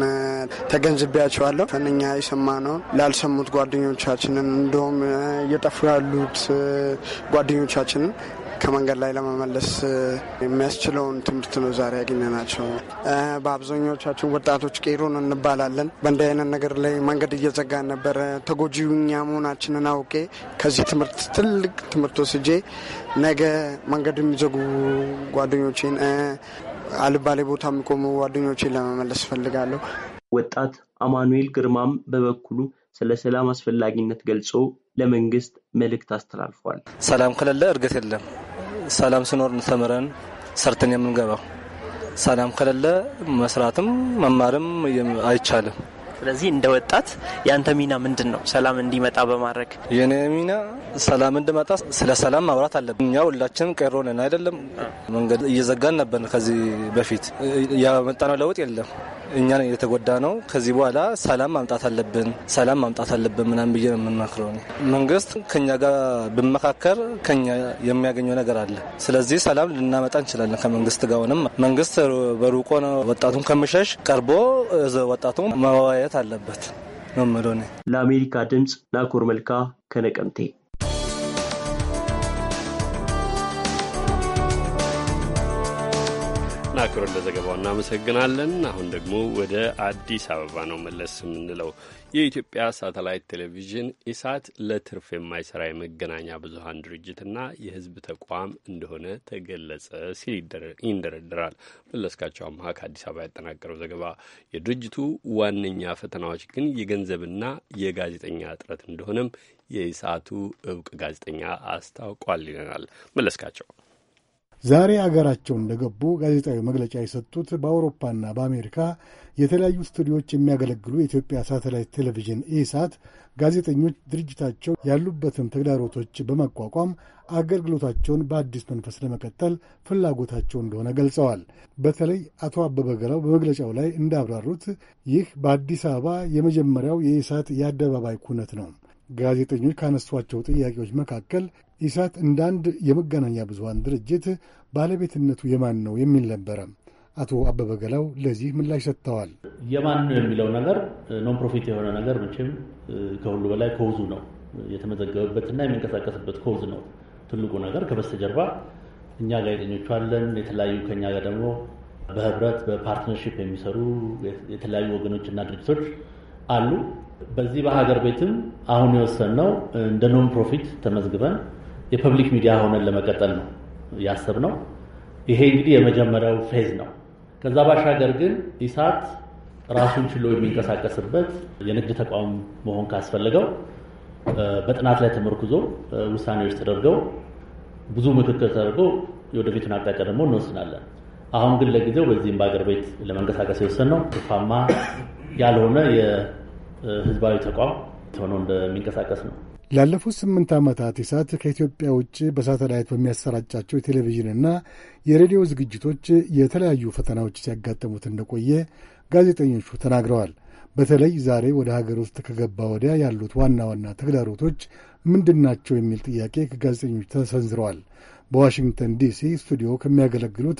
ተገንዝቤያቸዋለሁ። ከነኛ የሰማ ነው ላልሰሙት ጓደኞቻችንን እንዲሁም እየጠፉ ያሉት ጓደኞቻችንን ከመንገድ ላይ ለመመለስ የሚያስችለውን ትምህርት ነው ዛሬ ናቸው። በአብዛኛዎቻችን ወጣቶች ቄሮን እንባላለን። በእንዲህ አይነት ነገር ላይ መንገድ እየዘጋን ነበረ። ተጎጂኛ መሆናችንን አውቄ ከዚህ ትምህርት ትልቅ ትምህርት ወስጄ ነገ መንገድ የሚዘጉ ጓደኞቼን፣ አልባሌ ቦታ የሚቆሙ ጓደኞቼን ለመመለስ እፈልጋለሁ። ወጣት አማኑኤል ግርማም በበኩሉ ስለ ሰላም አስፈላጊነት ገልጾ ለመንግስት መልእክት አስተላልፏል። ሰላም ከሌለ እድገት የለም። ሰላም ሲኖር ተምረን ሰርተን የምንገባው፣ ሰላም ከሌለ መስራትም መማርም አይቻልም። ስለዚህ እንደ ወጣት ያንተ ሚና ምንድን ነው? ሰላም እንዲመጣ በማድረግ የኔ ሚና ሰላም እንዲመጣ ስለ ሰላም ማውራት አለብን። እኛ ሁላችንም ቀሮንን አይደለም መንገድ እየዘጋን ነበር። ከዚህ በፊት ያመጣነው ለውጥ የለም። እኛ የተጎዳ ነው። ከዚህ በኋላ ሰላም ማምጣት አለብን፣ ሰላም ማምጣት አለብን ምናም ብዬ ነው የምመክረው። መንግስት ከኛ ጋር ብመካከር ከኛ የሚያገኘው ነገር አለ። ስለዚህ ሰላም ልናመጣ እንችላለን ከመንግስት ጋር ሆነም መንግስት በሩቆ ነው ወጣቱን ከምሸሽ ቀርቦ ወጣቱ መዋያ መታየት አለበት ነው የምለው ለአሜሪካ ድምፅ ናኮር መልካ ከነቀምቴ ናክሮን ለዘገባው እናመሰግናለን። አሁን ደግሞ ወደ አዲስ አበባ ነው መለስ የምንለው። የኢትዮጵያ ሳተላይት ቴሌቪዥን ኢሳት ለትርፍ የማይሰራ የመገናኛ ብዙኃን ድርጅትና የሕዝብ ተቋም እንደሆነ ተገለጸ ሲል ይንደረድራል መለስካቸው አምሃ ከአዲስ አበባ ያጠናቀረው ዘገባ። የድርጅቱ ዋነኛ ፈተናዎች ግን የገንዘብና የጋዜጠኛ እጥረት እንደሆነም የኢሳቱ እውቅ ጋዜጠኛ አስታውቋል ይለናል መለስካቸው ዛሬ አገራቸው እንደገቡ ጋዜጣዊ መግለጫ የሰጡት በአውሮፓና በአሜሪካ የተለያዩ ስቱዲዮዎች የሚያገለግሉ የኢትዮጵያ ሳተላይት ቴሌቪዥን ኢሳት ጋዜጠኞች ድርጅታቸው ያሉበትን ተግዳሮቶች በመቋቋም አገልግሎታቸውን በአዲስ መንፈስ ለመቀጠል ፍላጎታቸው እንደሆነ ገልጸዋል። በተለይ አቶ አበበ ገላው በመግለጫው ላይ እንዳብራሩት ይህ በአዲስ አበባ የመጀመሪያው የኢሳት የአደባባይ ኩነት ነው። ጋዜጠኞች ካነሷቸው ጥያቄዎች መካከል ኢሳት እንደ አንድ የመገናኛ ብዙሀን ድርጅት ባለቤትነቱ የማን ነው የሚል ነበረ። አቶ አበበ ገላው ለዚህ ምላሽ ሰጥተዋል። የማን ነው የሚለው ነገር ኖን ፕሮፊት የሆነ ነገር መቼም ከሁሉ በላይ ከውዙ ነው የተመዘገበበትና የሚንቀሳቀስበት ኮዝ ነው ትልቁ ነገር። ከበስተጀርባ እኛ ጋዜጠኞቹ አለን። የተለያዩ ከኛ ጋር ደግሞ በህብረት በፓርትነርሺፕ የሚሰሩ የተለያዩ ወገኖችና ድርጅቶች አሉ። በዚህ በሀገር ቤትም አሁን የወሰንነው እንደ ኖን ፕሮፊት ተመዝግበን የፐብሊክ ሚዲያ ሆነን ለመቀጠል ነው ያሰብነው። ይሄ እንግዲህ የመጀመሪያው ፌዝ ነው። ከዛ ባሻገር ግን ኢሳት ራሱን ችሎ የሚንቀሳቀስበት የንግድ ተቋም መሆን ካስፈለገው በጥናት ላይ ተመርኩዞ ውሳኔዎች ተደርገው ብዙ ምክክር ተደርጎ የወደፊቱን አቅጣጫ ደግሞ እንወስናለን። አሁን ግን ለጊዜው በዚህም በአገር ቤት ለመንቀሳቀስ የወሰን ነው ትርፋማ ያልሆነ ህዝባዊ ተቋም ሆኖ እንደሚንቀሳቀስ ነው። ላለፉት ስምንት ዓመታት ኢሳት ከኢትዮጵያ ውጭ በሳተላይት በሚያሰራጫቸው የቴሌቪዥንና የሬዲዮ ዝግጅቶች የተለያዩ ፈተናዎች ሲያጋጥሙት እንደቆየ ጋዜጠኞቹ ተናግረዋል። በተለይ ዛሬ ወደ ሀገር ውስጥ ከገባ ወዲያ ያሉት ዋና ዋና ተግዳሮቶች ምንድን ናቸው የሚል ጥያቄ ከጋዜጠኞች ተሰንዝረዋል። በዋሽንግተን ዲሲ ስቱዲዮ ከሚያገለግሉት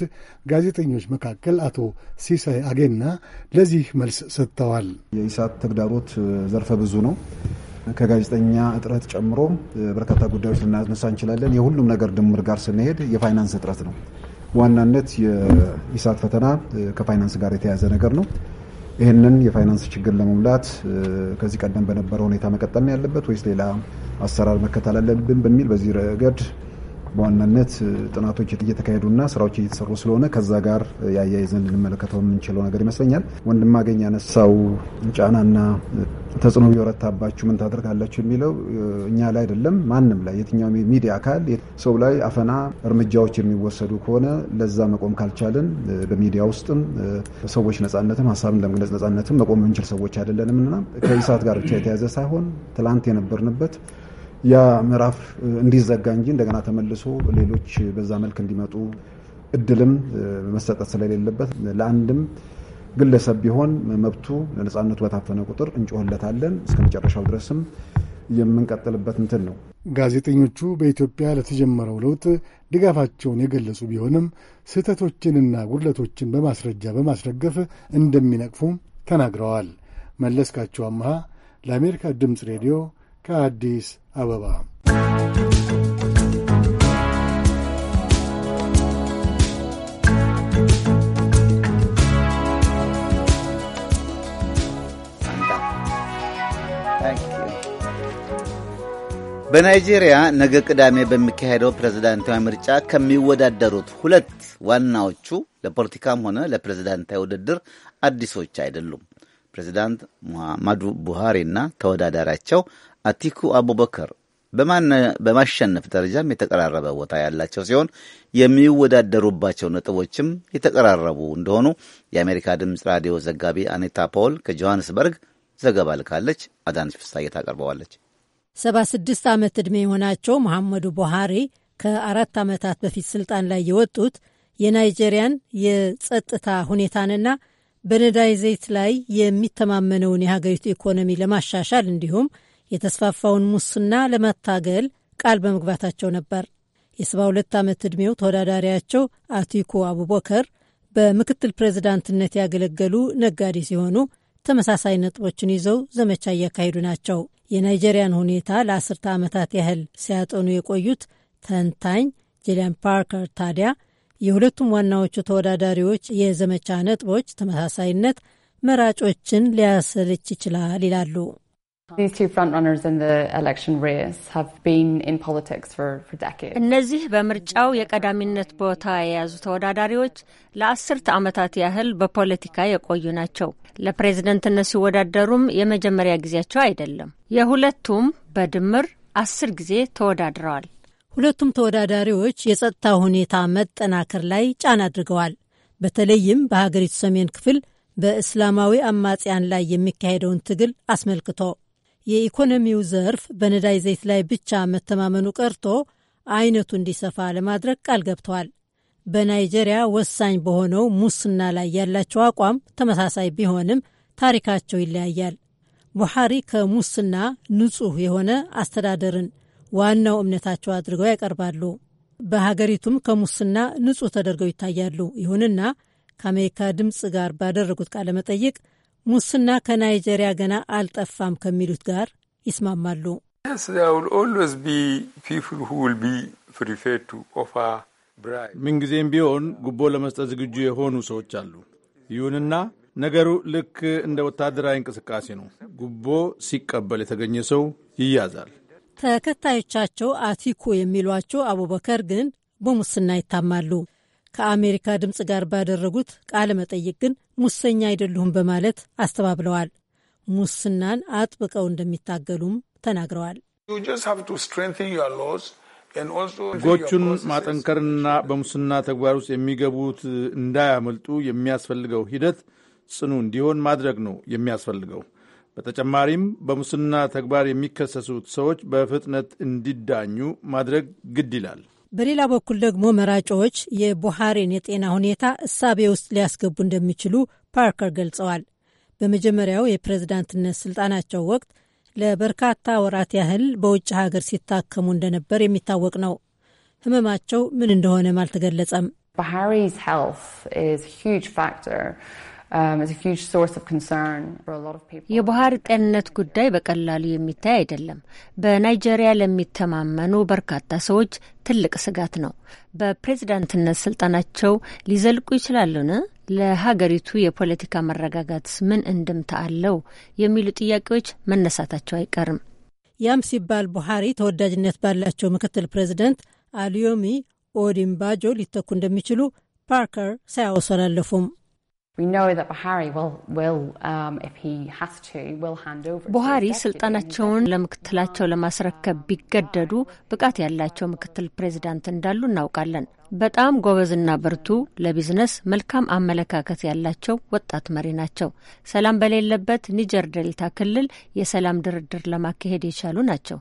ጋዜጠኞች መካከል አቶ ሲሳይ አጌና ለዚህ መልስ ሰጥተዋል። የኢሳት ተግዳሮት ዘርፈ ብዙ ነው። ከጋዜጠኛ እጥረት ጨምሮ በርካታ ጉዳዮች ልናነሳ እንችላለን። የሁሉም ነገር ድምር ጋር ስንሄድ የፋይናንስ እጥረት ነው። ዋናነት የኢሳት ፈተና ከፋይናንስ ጋር የተያያዘ ነገር ነው። ይህንን የፋይናንስ ችግር ለመሙላት ከዚህ ቀደም በነበረ ሁኔታ መቀጠል ያለበት ወይስ ሌላ አሰራር መከተል አለብን በሚል በዚህ ረገድ በዋናነት ጥናቶች እየተካሄዱና ስራዎች እየተሰሩ ስለሆነ ከዛ ጋር ያያይዘን ልንመለከተው የምንችለው ነገር ይመስለኛል። ወንድማገኝ ያነሳው ጫናና ተጽዕኖ ቢበረታባችሁ ምን ታደርጋላችሁ የሚለው እኛ ላይ አይደለም፣ ማንም ላይ የትኛውም የሚዲያ አካል ሰው ላይ አፈና እርምጃዎች የሚወሰዱ ከሆነ ለዛ መቆም ካልቻልን በሚዲያ ውስጥም ሰዎች ነጻነትም ሀሳብን ለመግለጽ ነጻነትም መቆም የምንችል ሰዎች አይደለንም እና ከኢሳት ጋር ብቻ የተያዘ ሳይሆን ትላንት የነበርንበት ያ ምዕራፍ እንዲዘጋ እንጂ እንደገና ተመልሶ ሌሎች በዛ መልክ እንዲመጡ እድልም መሰጠት ስለሌለበት ለአንድም ግለሰብ ቢሆን መብቱ ነፃነቱ በታፈነ ቁጥር እንጮህለታለን እስከ መጨረሻው ድረስም የምንቀጥልበት እንትን ነው። ጋዜጠኞቹ በኢትዮጵያ ለተጀመረው ለውጥ ድጋፋቸውን የገለጹ ቢሆንም ስህተቶችንና ጉድለቶችን በማስረጃ በማስረገፍ እንደሚነቅፉም ተናግረዋል። መለስካቸው አምሃ ለአሜሪካ ድምፅ ሬዲዮ ከአዲስ አበባ በናይጄሪያ ነገ ቅዳሜ በሚካሄደው ፕሬዝዳንታዊ ምርጫ ከሚወዳደሩት ሁለት ዋናዎቹ ለፖለቲካም ሆነ ለፕሬዝዳንታዊ ውድድር አዲሶች አይደሉም። ፕሬዝዳንት ሙሐማዱ ቡሃሪ እና ተወዳዳሪያቸው አቲኩ አቡበከር በማሸነፍ ደረጃም የተቀራረበ ቦታ ያላቸው ሲሆን የሚወዳደሩባቸው ነጥቦችም የተቀራረቡ እንደሆኑ የአሜሪካ ድምፅ ራዲዮ ዘጋቢ አኔታ ፖል ከጆሃንስበርግ ዘገባ ልካለች። አዳነች ፍስሐዬ ታቀርበዋለች። 76 ዓመት ዕድሜ የሆናቸው መሐመዱ ቡሃሪ ከአራት ዓመታት በፊት ስልጣን ላይ የወጡት የናይጄሪያን የጸጥታ ሁኔታንና በነዳጅ ዘይት ላይ የሚተማመነውን የሀገሪቱ ኢኮኖሚ ለማሻሻል እንዲሁም የተስፋፋውን ሙስና ለመታገል ቃል በመግባታቸው ነበር የሰባ ሁለት ዓመት ዕድሜው ተወዳዳሪያቸው አቲኩ አቡበከር በምክትል ፕሬዝዳንትነት ያገለገሉ ነጋዴ ሲሆኑ ተመሳሳይ ነጥቦችን ይዘው ዘመቻ እያካሄዱ ናቸው። የናይጄሪያን ሁኔታ ለአስርተ ዓመታት ያህል ሲያጠኑ የቆዩት ተንታኝ ጄሊያን ፓርከር ታዲያ የሁለቱም ዋናዎቹ ተወዳዳሪዎች የዘመቻ ነጥቦች ተመሳሳይነት መራጮችን ሊያሰልች ይችላል ይላሉ። እነዚህ በምርጫው የቀዳሚነት ቦታ የያዙ ተወዳዳሪዎች ለአስርተ ዓመታት ያህል በፖለቲካ የቆዩ ናቸው። ለፕሬዝደንትነት ሲወዳደሩም የመጀመሪያ ጊዜያቸው አይደለም። የሁለቱም በድምር አስር ጊዜ ተወዳድረዋል። ሁለቱም ተወዳዳሪዎች የጸጥታ ሁኔታ መጠናከር ላይ ጫና አድርገዋል። በተለይም በሀገሪቱ ሰሜን ክፍል በእስላማዊ አማጽያን ላይ የሚካሄደውን ትግል አስመልክቶ የኢኮኖሚው ዘርፍ በነዳጅ ዘይት ላይ ብቻ መተማመኑ ቀርቶ አይነቱ እንዲሰፋ ለማድረግ ቃል ገብተዋል። በናይጄሪያ ወሳኝ በሆነው ሙስና ላይ ያላቸው አቋም ተመሳሳይ ቢሆንም ታሪካቸው ይለያያል። ቡሐሪ ከሙስና ንጹህ የሆነ አስተዳደርን ዋናው እምነታቸው አድርገው ያቀርባሉ። በሀገሪቱም ከሙስና ንጹህ ተደርገው ይታያሉ። ይሁንና ከአሜሪካ ድምፅ ጋር ባደረጉት ቃለ መጠይቅ ሙስና ከናይጄሪያ ገና አልጠፋም ከሚሉት ጋር ይስማማሉ። ምንጊዜም ቢሆን ጉቦ ለመስጠት ዝግጁ የሆኑ ሰዎች አሉ። ይሁንና ነገሩ ልክ እንደ ወታደራዊ እንቅስቃሴ ነው። ጉቦ ሲቀበል የተገኘ ሰው ይያዛል። ተከታዮቻቸው አቲኩ የሚሏቸው አቡበከር ግን በሙስና ይታማሉ። ከአሜሪካ ድምፅ ጋር ባደረጉት ቃለ መጠይቅ ግን ሙሰኛ አይደሉም በማለት አስተባብለዋል። ሙስናን አጥብቀው እንደሚታገሉም ተናግረዋል። ሕጎቹን ማጠንከርና በሙስና ተግባር ውስጥ የሚገቡት እንዳያመልጡ የሚያስፈልገው ሂደት ጽኑ እንዲሆን ማድረግ ነው የሚያስፈልገው። በተጨማሪም በሙስና ተግባር የሚከሰሱት ሰዎች በፍጥነት እንዲዳኙ ማድረግ ግድ ይላል። በሌላ በኩል ደግሞ መራጮች የቡሃሬን የጤና ሁኔታ እሳቤ ውስጥ ሊያስገቡ እንደሚችሉ ፓርከር ገልጸዋል። በመጀመሪያው የፕሬዝዳንትነት ስልጣናቸው ወቅት ለበርካታ ወራት ያህል በውጭ ሀገር ሲታከሙ እንደነበር የሚታወቅ ነው። ህመማቸው ምን እንደሆነም አልተገለጸም። Um, የባህር ጤንነት ጉዳይ በቀላሉ የሚታይ አይደለም። በናይጄሪያ ለሚተማመኑ በርካታ ሰዎች ትልቅ ስጋት ነው። በፕሬዝዳንትነት ስልጣናቸው ሊዘልቁ ይችላሉን? ለሀገሪቱ የፖለቲካ መረጋጋትስ ምን እንድምታ አለው? የሚሉ ጥያቄዎች መነሳታቸው አይቀርም። ያም ሲባል ቡሃሪ ተወዳጅነት ባላቸው ምክትል ፕሬዚደንት አልዮሚ ኦዲምባጆ ሊተኩ እንደሚችሉ ፓርከር ሳያወሱ አላለፉም። ቡሃሪ ስልጣናቸውን um, ለምክትላቸው ለማስረከብ ቢገደዱ ብቃት ያላቸው ምክትል ፕሬዚዳንት እንዳሉ እናውቃለን። በጣም ጎበዝና ብርቱ፣ ለቢዝነስ መልካም አመለካከት ያላቸው ወጣት መሪ ናቸው። ሰላም በሌለበት ኒጀር ደሊታ ክልል የሰላም ድርድር ለማካሄድ የቻሉ ናቸው።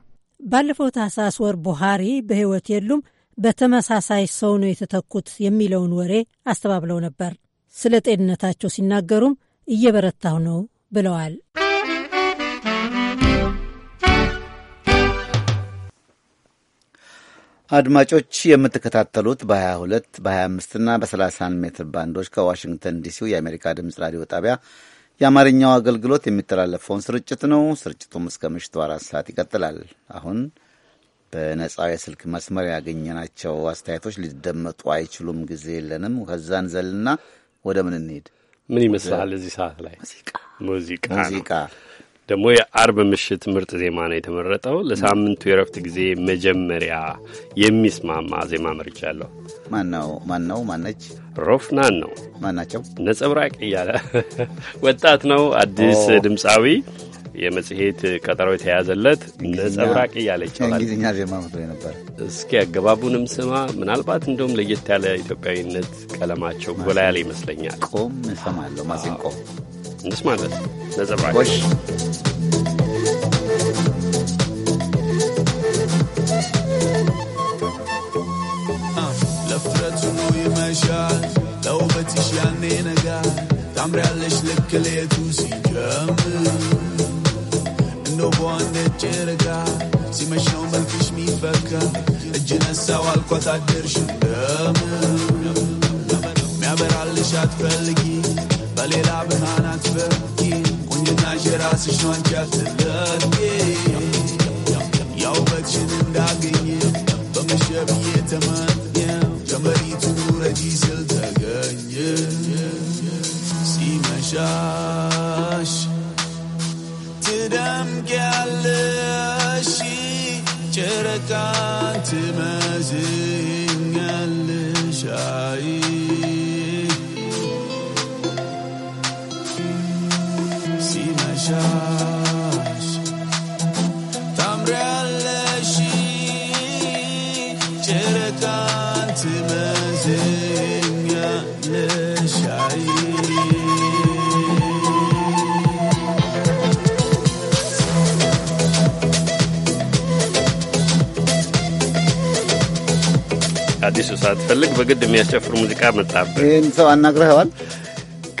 ባለፈው ታህሳስ ወር ቡሃሪ በሕይወት የሉም፣ በተመሳሳይ ሰው ነው የተተኩት የሚለውን ወሬ አስተባብለው ነበር። ስለ ጤንነታቸው ሲናገሩም እየበረታሁ ነው ብለዋል። አድማጮች የምትከታተሉት በ22 በ25ና በ31 ሜትር ባንዶች ከዋሽንግተን ዲሲው የአሜሪካ ድምፅ ራዲዮ ጣቢያ የአማርኛው አገልግሎት የሚተላለፈውን ስርጭት ነው። ስርጭቱም እስከ ምሽቱ አራት ሰዓት ይቀጥላል። አሁን በነጻው የስልክ መስመር ያገኘናቸው አስተያየቶች ሊደመጡ አይችሉም፣ ጊዜ የለንም። ከዛን ዘልና ወደ ምን እንሄድ? ምን ይመስልሃል? እዚህ ሰዓት ላይ ሙዚቃ ሙዚቃ ደግሞ የአርብ ምሽት ምርጥ ዜማ ነው የተመረጠው። ለሳምንቱ የእረፍት ጊዜ መጀመሪያ የሚስማማ ዜማ መርጫለሁ። ማነው? ማነው? ማነች? ሮፍናን ነው። ማናቸው? ነጸብራቅ እያለ ወጣት ነው፣ አዲስ ድምፃዊ የመጽሔት ቀጠሮ የተያዘለት ነጸብራቅ እያለ ይቻላል። እንግሊዝኛ ዜማ መቶ ነበር። እስኪ አገባቡንም ስማ። ምናልባት እንደውም ለየት ያለ ኢትዮጵያዊነት ቀለማቸው ጎላ ያለ ይመስለኛል። ቆም እሰማለሁ ማሲንቆ እንስ ማለት ነጸብራቅ ለውበትሽ ያኔ ነጋ ታምሪያለሽ ልክ ሌቱ ሲል ውጭ ርጋ ሲመሻው መልክሽ ሚፈካ እጅ ነሳው አልኳት አደርሽ ሚያበራልሽ አትፈልጊ በሌላ ብርሃን አትበኪ ቁንጅናሽ የራስሽ ነው አንቺ አትለኪ ያው በትሽን እንዳገኘ በመሸ ብዬ ተመኘ ጀመሪቱ ረጂ ስል ተገኘ ሲመሻ ትመስለኛለሽ ጨረቃን ትመስኛለሽ አዲሱ ሳትፈልግ በግድ የሚያስጨፍር ሙዚቃ መጣበት። ይህን ሰው አናግረኸዋል?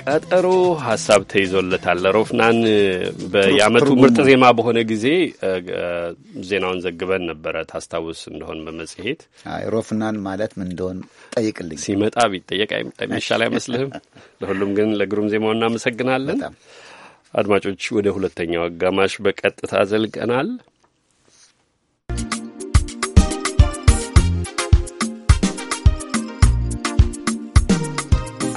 ቀጠሮ ሀሳብ ተይዞለታል። ሮፍናን የአመቱ ምርጥ ዜማ በሆነ ጊዜ ዜናውን ዘግበን ነበረ። ታስታውስ እንደሆን በመጽሔት ሮፍናን ማለት ምን እንደሆን ጠይቅልኝ። ሲመጣ ቢጠየቅ የሚሻል አይመስልህም? ለሁሉም ግን ለግሩም ዜማው እናመሰግናለን። አድማጮች፣ ወደ ሁለተኛው አጋማሽ በቀጥታ ዘልቀናል።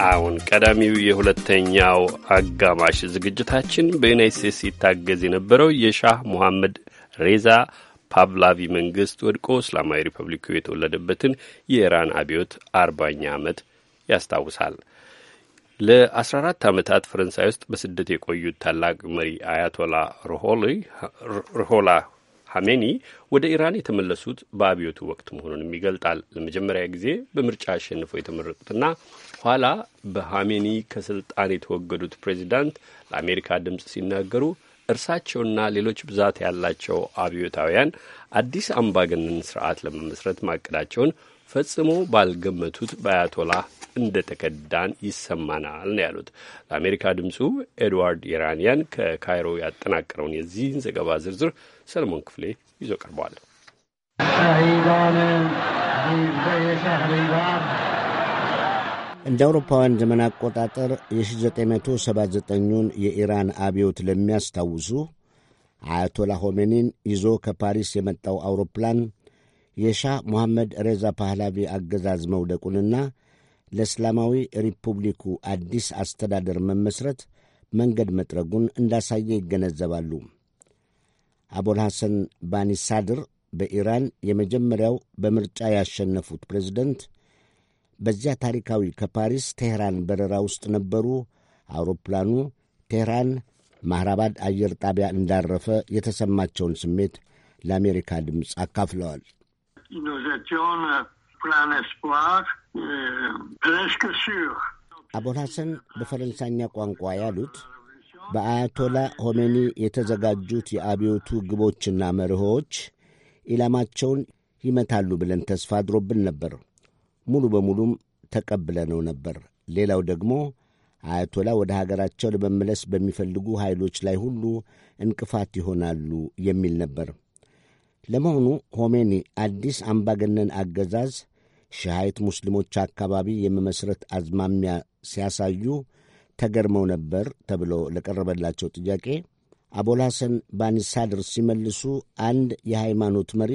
አሁን ቀዳሚው የሁለተኛው አጋማሽ ዝግጅታችን በዩናይት ስቴትስ ሲታገዝ የነበረው የሻህ ሙሐመድ ሬዛ ፓቭላቪ መንግስት ወድቆ እስላማዊ ሪፐብሊኩ የተወለደበትን የኢራን አብዮት አርባኛ ዓመት ያስታውሳል። ለ14 ዓመታት ፈረንሳይ ውስጥ በስደት የቆዩት ታላቅ መሪ አያቶላ ሮሆላ ሐሜኒ ወደ ኢራን የተመለሱት በአብዮቱ ወቅት መሆኑንም ይገልጣል። ለመጀመሪያ ጊዜ በምርጫ አሸንፈው የተመረጡትና ኋላ በሐሜኒ ከስልጣን የተወገዱት ፕሬዚዳንት ለአሜሪካ ድምፅ ሲናገሩ እርሳቸውና ሌሎች ብዛት ያላቸው አብዮታውያን አዲስ አምባገነን ስርዓት ለመመስረት ማቀዳቸውን ፈጽሞ ባልገመቱት በአያቶላህ እንደ ተከዳን ይሰማናል ነው ያሉት። ለአሜሪካ ድምፁ ኤድዋርድ ኢራንያን ከካይሮ ያጠናቀረውን የዚህን ዘገባ ዝርዝር ሰለሞን ክፍሌ ይዞ ቀርቧል። እንደ አውሮፓውያን ዘመን አቆጣጠር የ1979ን የኢራን አብዮት ለሚያስታውሱ አያቶላ ሆሜኒን ይዞ ከፓሪስ የመጣው አውሮፕላን የሻህ ሞሐመድ ሬዛ ፓህላቪ አገዛዝ መውደቁንና ለእስላማዊ ሪፑብሊኩ አዲስ አስተዳደር መመስረት መንገድ መጥረጉን እንዳሳየ ይገነዘባሉ። አቦል ሐሰን በኢራን የመጀመሪያው በምርጫ ያሸነፉት ፕሬዝደንት በዚያ ታሪካዊ ከፓሪስ ቴህራን በረራ ውስጥ ነበሩ። አውሮፕላኑ ቴህራን ማህራባድ አየር ጣቢያ እንዳረፈ የተሰማቸውን ስሜት ለአሜሪካ ድምፅ አካፍለዋል። euh, euh, አቦል ሐሰን በፈረንሳይኛ ቋንቋ ያሉት በአያቶላ ሆሜኒ የተዘጋጁት የአብዮቱ ግቦችና መርሆዎች ኢላማቸውን ይመታሉ ብለን ተስፋ አድሮብን ነበር። ሙሉ በሙሉም ተቀብለነው ነበር። ሌላው ደግሞ አያቶላ ወደ ሀገራቸው ለመመለስ በሚፈልጉ ኃይሎች ላይ ሁሉ እንቅፋት ይሆናሉ የሚል ነበር። ለመሆኑ ሆሜኒ አዲስ አምባገነን አገዛዝ ሺሃይት ሙስሊሞች አካባቢ የመመስረት አዝማሚያ ሲያሳዩ ተገርመው ነበር ተብሎ ለቀረበላቸው ጥያቄ አቦልሐሰን ባኒሳድር ሲመልሱ አንድ የሃይማኖት መሪ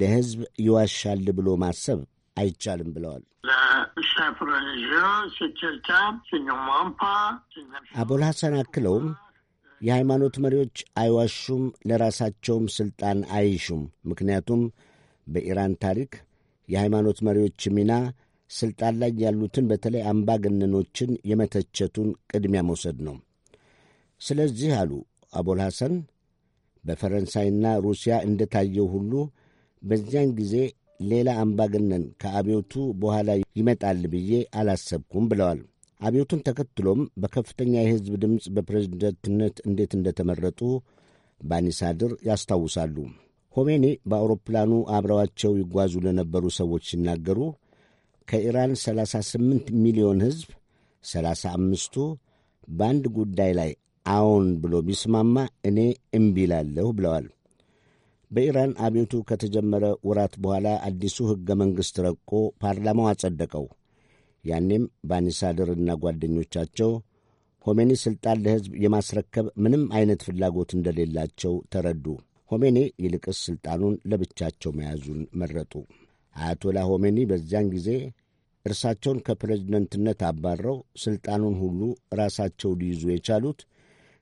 ለሕዝብ ይዋሻል ብሎ ማሰብ አይቻልም ብለዋል። አቦል ሐሰን አክለውም የሃይማኖት መሪዎች አይዋሹም፣ ለራሳቸውም ሥልጣን አይሹም። ምክንያቱም በኢራን ታሪክ የሃይማኖት መሪዎች ሚና ሥልጣን ላይ ያሉትን በተለይ አምባገነኖችን የመተቸቱን ቅድሚያ መውሰድ ነው። ስለዚህ አሉ አቦል ሐሰን በፈረንሳይና ሩሲያ እንደታየው ሁሉ በዚያን ጊዜ ሌላ አምባገነን ከአብዮቱ በኋላ ይመጣል ብዬ አላሰብኩም ብለዋል። አብዮቱን ተከትሎም በከፍተኛ የሕዝብ ድምፅ በፕሬዝደንትነት እንዴት እንደተመረጡ ባኒሳድር ያስታውሳሉ። ሆሜኒ በአውሮፕላኑ አብረዋቸው ይጓዙ ለነበሩ ሰዎች ሲናገሩ ከኢራን 38 ሚሊዮን ሕዝብ 35ቱ በአንድ ጉዳይ ላይ አዎን ብሎ ቢስማማ እኔ እምቢላለሁ ብለዋል። በኢራን አብዮቱ ከተጀመረ ውራት በኋላ አዲሱ ሕገ መንግሥት ረቆ ፓርላማው አጸደቀው። ያኔም ባኒሳድርና ጓደኞቻቸው ሆሜኒ ሥልጣን ለሕዝብ የማስረከብ ምንም አይነት ፍላጎት እንደሌላቸው ተረዱ። ሆሜኒ ይልቅስ ሥልጣኑን ለብቻቸው መያዙን መረጡ። አያቶላ ሆሜኒ በዚያን ጊዜ እርሳቸውን ከፕሬዝደንትነት አባረው ሥልጣኑን ሁሉ ራሳቸው ሊይዙ የቻሉት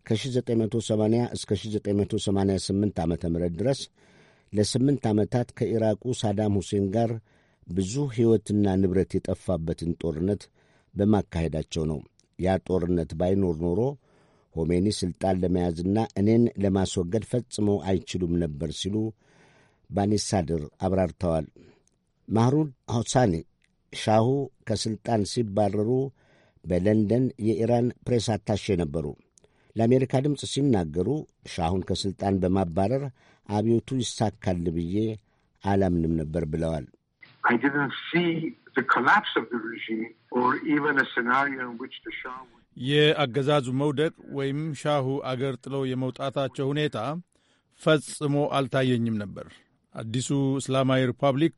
ከ1980 እስከ 1988 ዓ ም ድረስ ለስምንት ዓመታት ከኢራቁ ሳዳም ሁሴን ጋር ብዙ ሕይወትና ንብረት የጠፋበትን ጦርነት በማካሄዳቸው ነው። ያ ጦርነት ባይኖር ኖሮ ሆሜኒ ሥልጣን ለመያዝና እኔን ለማስወገድ ፈጽሞ አይችሉም ነበር ሲሉ ባኔሳድር አብራርተዋል። ማህሩድ ሆሳኒ ሻሁ ከሥልጣን ሲባረሩ በለንደን የኢራን ፕሬስ አታሼ ነበሩ። ለአሜሪካ ድምፅ ሲናገሩ ሻሁን ከሥልጣን በማባረር አብዮቱ ይሳካል ብዬ አላምንም ነበር ብለዋል። የአገዛዙ መውደቅ ወይም ሻሁ አገር ጥለው የመውጣታቸው ሁኔታ ፈጽሞ አልታየኝም ነበር። አዲሱ እስላማዊ ሪፐብሊክ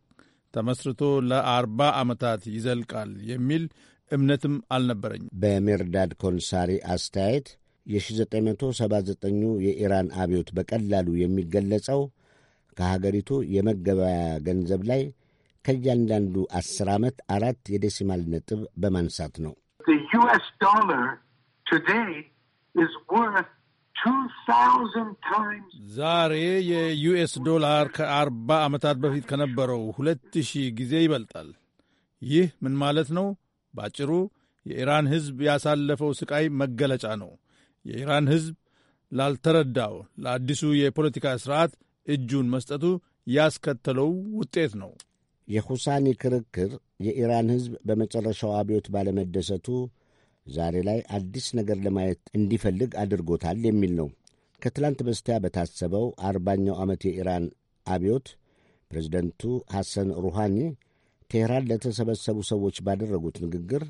ተመስርቶ ለአርባ ዓመታት ይዘልቃል የሚል እምነትም አልነበረኝም። በሜርዳድ ኮንሳሪ አስተያየት የ1979ኙ የኢራን አብዮት በቀላሉ የሚገለጸው ከሀገሪቱ የመገበያ ገንዘብ ላይ ከእያንዳንዱ አስር ዓመት አራት የዴሲማል ነጥብ በማንሳት ነው። ዛሬ የዩኤስ ዶላር ከአርባ ዓመታት በፊት ከነበረው ሁለት ሺህ ጊዜ ይበልጣል። ይህ ምን ማለት ነው? በአጭሩ የኢራን ሕዝብ ያሳለፈው ሥቃይ መገለጫ ነው። የኢራን ሕዝብ ላልተረዳው ለአዲሱ የፖለቲካ ሥርዓት እጁን መስጠቱ ያስከተለው ውጤት ነው። የሁሳኒ ክርክር የኢራን ሕዝብ በመጨረሻው አብዮት ባለመደሰቱ ዛሬ ላይ አዲስ ነገር ለማየት እንዲፈልግ አድርጎታል የሚል ነው። ከትላንት በስቲያ በታሰበው አርባኛው ዓመት የኢራን አብዮት ፕሬዚደንቱ ሐሰን ሩሃኒ ቴህራን ለተሰበሰቡ ሰዎች ባደረጉት ንግግር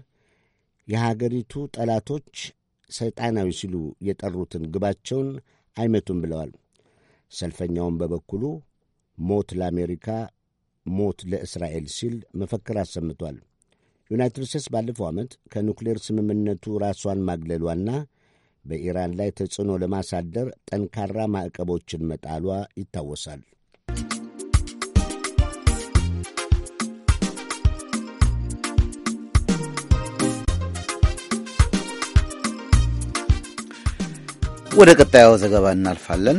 የሀገሪቱ ጠላቶች ሰይጣናዊ ሲሉ የጠሩትን ግባቸውን አይመቱም ብለዋል። ሰልፈኛውን በበኩሉ ሞት ለአሜሪካ ሞት ለእስራኤል ሲል መፈክር አሰምቷል። ዩናይትድ ስቴትስ ባለፈው ዓመት ከኑክሌር ስምምነቱ ራሷን ማግለሏና በኢራን ላይ ተጽዕኖ ለማሳደር ጠንካራ ማዕቀቦችን መጣሏ ይታወሳል። ወደ ቀጣዩ ዘገባ እናልፋለን።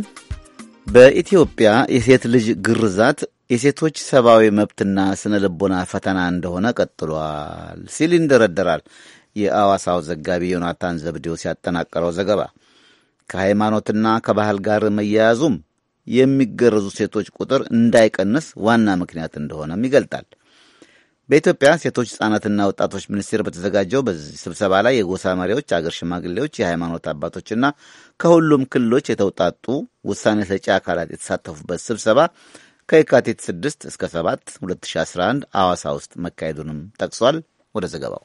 በኢትዮጵያ የሴት ልጅ ግርዛት የሴቶች ሰብአዊ መብትና ስነ ልቦና ፈተና እንደሆነ ቀጥሏል ሲል ይንደረደራል የአዋሳው ዘጋቢ ዮናታን ዘብዴዎስ ያጠናቀረው ዘገባ። ከሃይማኖትና ከባህል ጋር መያያዙም የሚገረዙ ሴቶች ቁጥር እንዳይቀንስ ዋና ምክንያት እንደሆነም ይገልጣል። በኢትዮጵያ ሴቶች ሕፃናትና ወጣቶች ሚኒስቴር በተዘጋጀው በዚህ ስብሰባ ላይ የጎሳ መሪዎች፣ አገር ሽማግሌዎች፣ የሃይማኖት አባቶችና ከሁሉም ክልሎች የተውጣጡ ውሳኔ ሰጪ አካላት የተሳተፉበት ስብሰባ ከየካቲት 6 እስከ 7 2011 አዋሳ ውስጥ መካሄዱንም ጠቅሷል። ወደ ዘገባው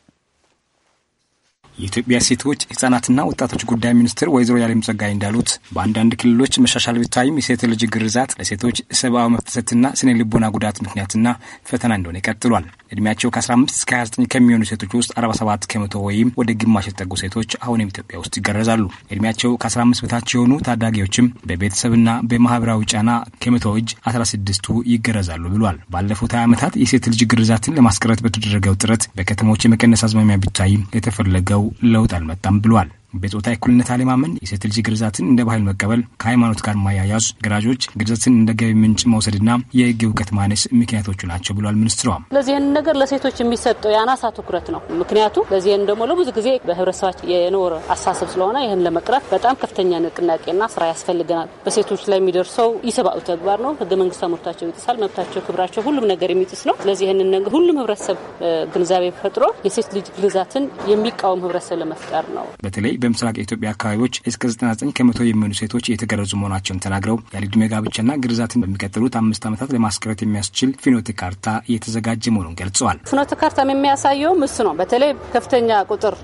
የኢትዮጵያ ሴቶች ህጻናትና ወጣቶች ጉዳይ ሚኒስትር ወይዘሮ ያለም ጸጋይ እንዳሉት በአንዳንድ ክልሎች መሻሻል ቢታይም የሴት ልጅ ግርዛት ለሴቶች ሰብአዊ መፍሰትና ስነ ልቦና ጉዳት ምክንያትና ፈተና እንደሆነ ይቀጥሏል። እድሜያቸው ከ15 እስከ 29 ከሚሆኑ ሴቶች ውስጥ 47 ከመቶ ወይም ወደ ግማሽ የተጠጉ ሴቶች አሁንም ኢትዮጵያ ውስጥ ይገረዛሉ። እድሜያቸው ከ15 በታች የሆኑ ታዳጊዎችም በቤተሰብና በማህበራዊ ጫና ከመቶ እጅ 16ቱ ይገረዛሉ ብሏል። ባለፉት 20 ዓመታት የሴት ልጅ ግርዛትን ለማስቀረት በተደረገው ጥረት በከተሞች የመቀነስ አዝማሚያ ቢታይም የተፈለገው ለውጥ አልመጣም ብሏል። በጾታ እኩልነት አለማመን፣ የሴት ልጅ ግርዛትን እንደ ባህል መቀበል፣ ከሃይማኖት ጋር ማያያዝ፣ ገራዦች ግርዛትን እንደ ገቢ ምንጭ መውሰድና የህግ እውቀት ማነስ ምክንያቶቹ ናቸው ብሏል ሚኒስትሯ። ለዚህን ነገር ለሴቶች የሚሰጠው የአናሳ ትኩረት ነው። ምክንያቱ ለዚህን ደግሞ ለብዙ ጊዜ በህብረተሰባች የኖረ አሳሰብ ስለሆነ ይህን ለመቅረፍ በጣም ከፍተኛ ንቅናቄና ስራ ያስፈልገናል። በሴቶች ላይ የሚደርሰው ኢሰብአዊ ተግባር ነው። ህገ መንግስት መብታቸው ይጥሳል። መብታቸው፣ ክብራቸው፣ ሁሉም ነገር የሚጥስ ነው። ስለዚህ ይህንን ነገር ሁሉም ህብረተሰብ ግንዛቤ ፈጥሮ የሴት ልጅ ግርዛትን የሚቃወም ህብረተሰብ ለመፍጠር ነው። በተለይ በምስራቅ የኢትዮጵያ አካባቢዎች እስከ 99 ከመቶ የሚሆኑ ሴቶች የተገረዙ መሆናቸውን ተናግረው ያለዕድሜ ጋብቻና ግርዛትን በሚቀጥሉት አምስት ዓመታት ለማስቀረት የሚያስችል ፍኖተ ካርታ እየተዘጋጀ መሆኑን ገልጸዋል። ፍኖተ ካርታም የሚያሳየውም እሱ ነው። በተለይ ከፍተኛ ቁጥር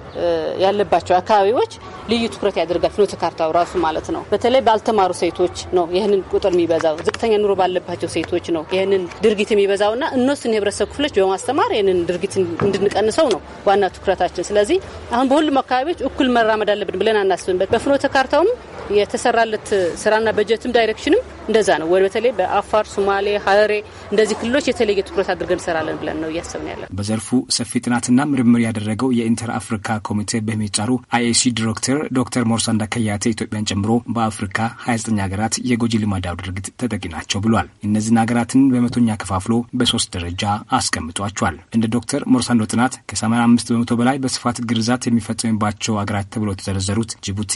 ያለባቸው አካባቢዎች ልዩ ትኩረት ያደርጋል። ፍኖተ ካርታው ራሱ ማለት ነው። በተለይ ባልተማሩ ሴቶች ነው ይህንን ቁጥር የሚበዛው። ዝቅተኛ ኑሮ ባለባቸው ሴቶች ነው ይህንን ድርጊት የሚበዛውና እነሱን የህብረተሰብ ክፍሎች በማስተማር ይህንን ድርጊት እንድንቀንሰው ነው ዋና ትኩረታችን። ስለዚህ አሁን በሁሉም አካባቢዎች እኩል መራመድ መለማመድ አለብን ብለን አናስብም። በፍኖተ ካርታውም የተሰራለት ስራና በጀትም ዳይሬክሽንም እንደዛ ነው። በተለይ በአፋር፣ ሶማሌ፣ ሀረሬ እንደዚህ ክልሎች የተለየ ትኩረት አድርገን እንሰራለን ብለን ነው እያሰብን ያለን። በዘርፉ ሰፊ ጥናትና ምርምር ያደረገው የኢንተር አፍሪካ ኮሚቴ በሚጫሩ አይኤሲ ዲሬክተር ዶክተር ሞርሳንዳ ከያቴ ኢትዮጵያን ጨምሮ በአፍሪካ 29 ሀገራት የጎጂ ልማዳዊ ድርጊት ተጠቂ ናቸው ብሏል። እነዚህን ሀገራትን በመቶኛ ከፋፍሎ በሶስት ደረጃ አስቀምጧቸዋል። እንደ ዶክተር ሞርሳንዶ ጥናት ከ85 በመቶ በላይ በስፋት ግርዛት የሚፈጸምባቸው ሀገራት ተብሎ የተዘረዘሩት ጅቡቲ፣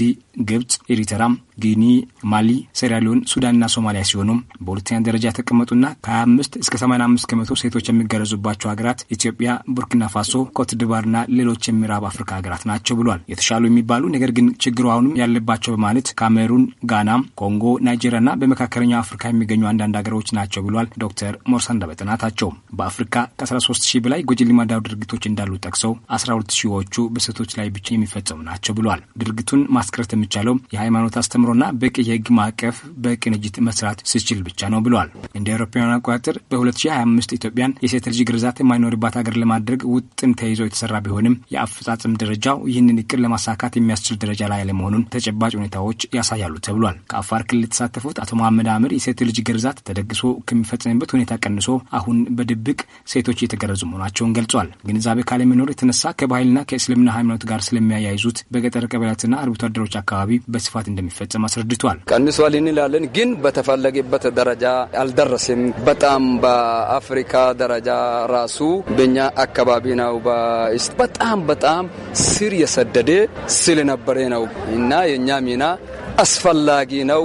ግብጽ፣ ኤሪትራ ጊኒ፣ ማሊ፣ ሴራሊዮን፣ ሱዳንና ሶማሊያ ሲሆኑ በሁለተኛ ደረጃ የተቀመጡና ከ25 እስከ 85 ከመቶ ሴቶች የሚገረዙባቸው ሀገራት ኢትዮጵያ፣ ቡርኪና ፋሶ፣ ኮትዲቫርና ሌሎች የምዕራብ አፍሪካ ሀገራት ናቸው ብሏል። የተሻሉ የሚባሉ ነገር ግን ችግሩ አሁንም ያለባቸው በማለት ካሜሩን፣ ጋና፣ ኮንጎ፣ ናይጄሪያና በመካከለኛው አፍሪካ የሚገኙ አንዳንድ ሀገሮች ናቸው ብሏል። ዶክተር ሞርሳንዳ በጥናታቸው በአፍሪካ ከ13 ሺህ በላይ ጎጂ ልማዳዊ ድርጊቶች እንዳሉ ጠቅሰው 12 ሺዎቹ በሴቶች ላይ ብቻ የሚፈጸሙ ናቸው ብሏል። ብሏል። ድርጊቱን ማስቀረት የሚቻለው የሃይማኖት አስተምሮና በቂ የህግ ማዕቀፍ በቅንጅት መስራት ስችል ብቻ ነው ብሏል። እንደ አውሮፓውያን አቆጣጠር በ2025 ኢትዮጵያን የሴት ልጅ ግርዛት የማይኖርባት ሀገር ለማድረግ ውጥን ተይዞ የተሰራ ቢሆንም የአፈጻጸም ደረጃው ይህንን እቅድ ለማሳካት የሚያስችል ደረጃ ላይ ለመሆኑን ተጨባጭ ሁኔታዎች ያሳያሉ ተብሏል። ከአፋር ክልል የተሳተፉት አቶ መሐመድ አምር የሴት ልጅ ግርዛት ተደግሶ ከሚፈጸምበት ሁኔታ ቀንሶ አሁን በድብቅ ሴቶች የተገረዙ መሆናቸውን ገልጿል። ግንዛቤ ካለመኖር የተነሳ ከባህልና ከእስልምና ሃይማኖት ጋር ስለሚያያይዙት በገጠ በገጠር ቀበሌያትና አርብቶ አደሮች አካባቢ በስፋት እንደሚፈጸም አስረድቷል። ቀንሷል እንላለን፣ ግን በተፈለገበት ደረጃ አልደረስም። በጣም በአፍሪካ ደረጃ ራሱ በኛ አካባቢ ነው በጣም በጣም ስር የሰደደ ስለነበረ ነው እና የእኛ ሚና አስፈላጊ ነው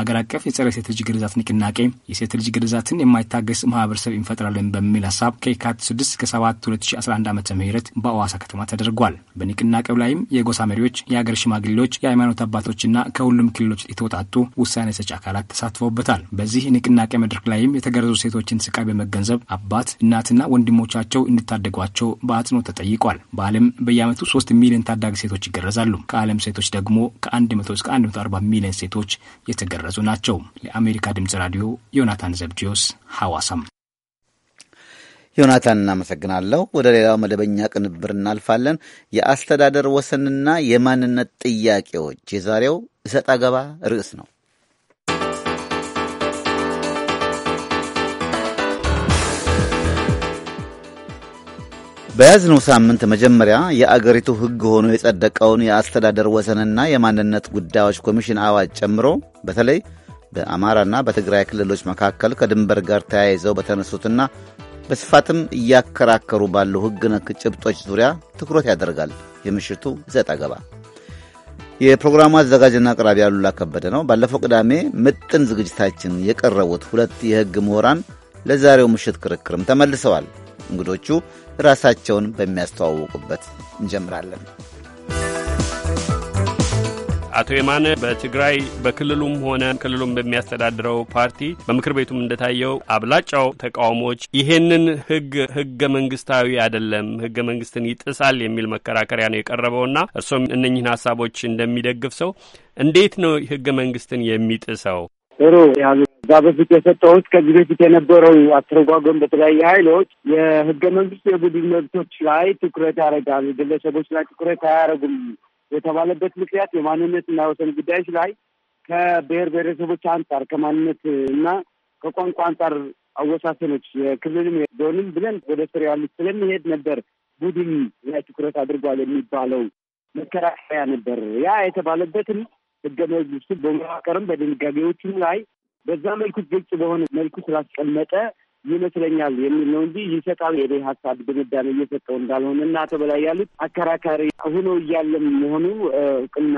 አገር አቀፍ የጸረ ሴት ልጅ ግርዛት ንቅናቄ የሴት ልጅ ግርዛትን የማይታገስ ማህበረሰብ እንፈጥራለን በሚል ሀሳብ ከየካቲት 6 ከ7 2011 ዓ ም በአዋሳ ከተማ ተደርጓል። በንቅናቄው ላይም የጎሳ መሪዎች፣ የአገር ሽማግሌዎች፣ የሃይማኖት አባቶችና ከሁሉም ክልሎች የተውጣጡ ውሳኔ ሰጪ አካላት ተሳትፈውበታል። በዚህ ንቅናቄ መድረክ ላይም የተገረዙ ሴቶችን ስቃይ በመገንዘብ አባት እናትና ወንድሞቻቸው እንዲታደጓቸው በአጽኖ ተጠይቋል። በዓለም በየዓመቱ 3 ሚሊዮን ታዳጊ ሴቶች ይገረዛሉ። ከዓለም ሴቶች ደግሞ ከ100 እስከ 140 ሚሊዮን ሴቶች የተገረ የተቀረጹ ናቸው። ለአሜሪካ ድምጽ ራዲዮ ዮናታን ዘብዲዮስ ሐዋሳም። ዮናታን እናመሰግናለሁ። ወደ ሌላው መደበኛ ቅንብር እናልፋለን። የአስተዳደር ወሰንና የማንነት ጥያቄዎች የዛሬው እሰጥ አገባ ርዕስ ነው። በያዝነው ሳምንት መጀመሪያ የአገሪቱ ሕግ ሆኖ የጸደቀውን የአስተዳደር ወሰንና የማንነት ጉዳዮች ኮሚሽን አዋጅ ጨምሮ በተለይ በአማራና በትግራይ ክልሎች መካከል ከድንበር ጋር ተያይዘው በተነሱትና በስፋትም እያከራከሩ ባሉ ሕግ ነክ ጭብጦች ዙሪያ ትኩረት ያደርጋል። የምሽቱ ዘጥ ገባ። የፕሮግራሙ አዘጋጅና አቅራቢ አሉላ ከበደ ነው። ባለፈው ቅዳሜ ምጥን ዝግጅታችን የቀረቡት ሁለት የሕግ ምሁራን ለዛሬው ምሽት ክርክርም ተመልሰዋል። እንግዶቹ ራሳቸውን በሚያስተዋውቁበት እንጀምራለን። አቶ የማነ በትግራይ በክልሉም ሆነ ክልሉም በሚያስተዳድረው ፓርቲ በምክር ቤቱም እንደታየው አብላጫው ተቃውሞዎች ይሄንን ህግ ህገ መንግስታዊ አይደለም፣ ህገ መንግስትን ይጥሳል የሚል መከራከሪያ ነው የቀረበውና እርሶም እነኝህን ሀሳቦች እንደሚደግፍ ሰው እንዴት ነው ህገ መንግስትን የሚጥሰው? ጥሩ ያሉ እዛ በፊት የሰጠሁት ከዚህ በፊት የነበረው አተረጓጎም በተለያየ ኃይሎች የህገ መንግስቱ የቡድን መብቶች ላይ ትኩረት ያደርጋል፣ ግለሰቦች ላይ ትኩረት አያደርጉም የተባለበት ምክንያት እና ወሰን ጉዳዮች ላይ ከብሔር ብሔረሰቦች አንጻር ከማንነት እና ከቋንቋ አንጻር አወሳሰኖች የክልልም ዞንም ብለን ወደ ስር ያሉት ስለሚሄድ ነበር ቡድን ላይ ትኩረት አድርጓል የሚባለው መከራከሪያ ነበር። ያ የተባለበትም ህገ መንግስቱ በመዋቅርም በድንጋጌዎቹም ላይ በዛ መልኩ ግልጽ በሆነ መልኩ ስላስቀመጠ ይመስለኛል የሚል ነው እንጂ ይሰጣል የቤ ሀሳብ ድምዳሜ እየሰጠው እንዳልሆነ እና አቶ በላይ ያሉት አከራካሪ ሆኖ እያለም መሆኑ እውቅና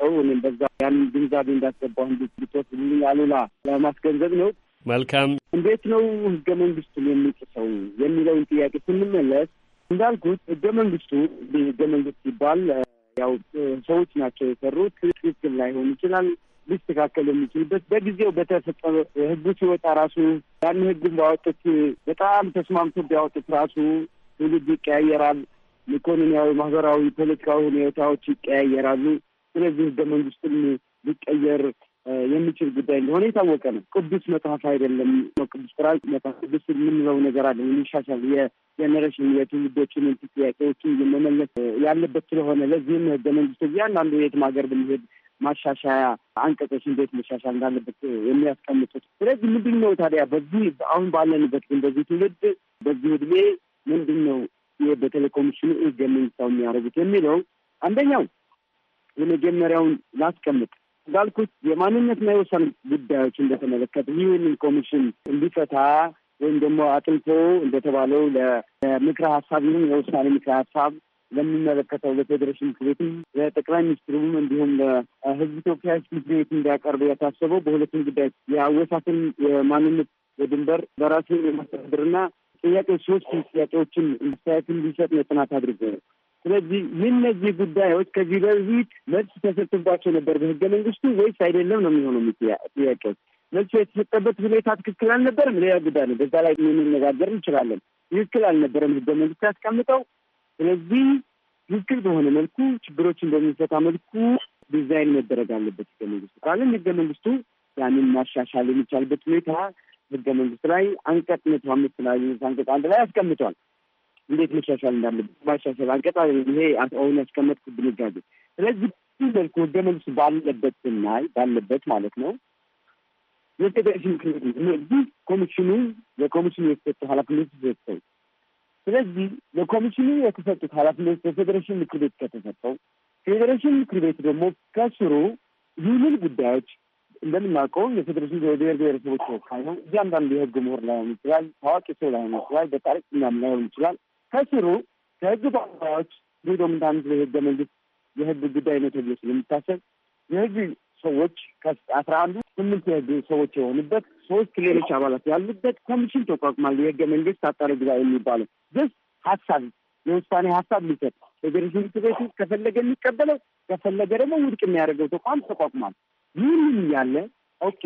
ሰው በዛ ያንን ግንዛቤ እንዳስገባሁ እንድትወስድልኝ አሉላ ለማስገንዘብ ነው። መልካም እንዴት ነው ህገ መንግስቱን የሚጥሰው የሚለውን ጥያቄ ስንመለስ እንዳልኩት ህገ መንግስቱ ህገ መንግስት ሲባል ያው ሰዎች ናቸው የሰሩት። ትክክል ላይሆን ይችላል ሊስተካከል የሚችልበት በጊዜው በተሰጠ ህጉ ሲወጣ ራሱ ያን ህጉን ባወጡት በጣም ተስማምቶ ቢያወጡት ራሱ ትውልድ ይቀያየራል። ኢኮኖሚያዊ፣ ማህበራዊ፣ ፖለቲካዊ ሁኔታዎች ይቀያየራሉ። ስለዚህ ህገ መንግስትም ሊቀየር የሚችል ጉዳይ እንደሆነ የታወቀ ነው። ቅዱስ መጽሐፍ አይደለም። ቅዱስ ቁርአን መጽሐፍ ቅዱስ የምንለው ነገር አለ ይሻሻል። የጀኔሬሽን የትውልዶችን ጥያቄዎችን የመመለስ ያለበት ስለሆነ ለዚህም ህገ መንግስት እዚህ አንዳንዱ የትም ሀገር ብንሄድ ማሻሻያ አንቀጾች እንዴት መሻሻል እንዳለበት የሚያስቀምጡት። ስለዚህ ምንድን ነው ታዲያ በዚህ አሁን ባለንበት ግን በዚህ ትውልድ በዚህ እድሜ ምንድን ነው ይህ በቴሌኮሚሽኑ ኮሚሽኑ ህግ የሚያደርጉት የሚለው አንደኛው የመጀመሪያውን ላስቀምጥ እንዳልኩት የማንነትና የወሰን ጉዳዮች እንደተመለከተ ይህንን ኮሚሽን እንዲፈታ ወይም ደግሞ አጥንቶ እንደተባለው ለምክረ ሀሳብ ይሁን የውሳኔ ምክረ ሀሳብ ለሚመለከተው ለፌዴሬሽን ምክር ቤትም ለጠቅላይ ሚኒስትሩም እንዲሁም ለህዝብ ኢትዮጵያ ምክር ቤት እንዲያቀርብ ያሳሰበው በሁለቱም ጉዳይ የአወሳትን የማንነት የድንበር በራሱ የማስተዳደርና ጥያቄ ሶስት ጥያቄዎችን አስተያየት እንዲሰጥ መጽናት አድርጎ ነው። ስለዚህ እነዚህ ጉዳዮች ከዚህ በፊት መልስ ተሰጥቶባቸው ነበር በህገ መንግስቱ ወይስ አይደለም ነው የሚሆነው ጥያቄዎች መልሱ የተሰጠበት ሁኔታ ትክክል አልነበረም ሌላ ጉዳይ ነው በዛ ላይ የምንነጋገር እንችላለን ትክክል አልነበረም ህገ መንግስት ያስቀምጠው ስለዚህ ትክክል በሆነ መልኩ ችግሮችን በሚፈታ መልኩ ዲዛይን መደረግ አለበት ህገ መንግስቱ ካለን ህገ መንግስቱ ያንን ማሻሻል የሚቻልበት ሁኔታ ህገ መንግስት ላይ አንቀጽ መቶ አምስት ላይ አንቀጽ አንድ ላይ አስቀምጧል። እንዴት መሻሻል እንዳለበት ማሻሻል አንቀጽ ይሄ አሁን ያስቀመጥኩት ድንጋጌ። ስለዚህ መልኩ ህገ መንግስቱ ባለበት ስናይ ባለበት ማለት ነው የፌዴሬሽን ምክር ቤት እዚህ ኮሚሽኑ ለኮሚሽኑ የተሰጠው ኃላፊነት የተሰጠው ስለዚህ ለኮሚሽኑ የተሰጡት ኃላፊነት በፌዴሬሽን ምክር ቤት ከተሰጠው ፌዴሬሽን ምክር ቤት ደግሞ ከስሩ ይህንን ጉዳዮች እንደምናውቀው የፌዴሬሽን ብሔር ብሔረሰቦች ተወካይ ነው። እያንዳንዱ የህግ ምሁር ላይሆን ይችላል፣ ታዋቂ ሰው ላይሆን ይችላል፣ በጣሪቅ በጣሪቅኛም ላይሆን ይችላል። ከስሩ ከህግ ባለሙያዎች ዶሚንታንት የህገ መንግስት የህግ ጉዳይ ነው ተብሎ ስለሚታሰብ የህግ ሰዎች ከአስራ አንዱ ስምንት ሰዎች የሆኑበት ሶስት ሌሎች አባላት ያሉበት ኮሚሽን ተቋቁሟል። የህገ መንግስት አጣሪ ጉባኤ የሚባለው ግስ ሀሳብ የውሳኔ ሀሳብ ሊሰጥ ፌዴሬሽን ምክር ውስጥ ከፈለገ የሚቀበለው ከፈለገ ደግሞ ውድቅ የሚያደርገው ተቋም ተቋቁሟል። ይህንን እያለ ኦኬ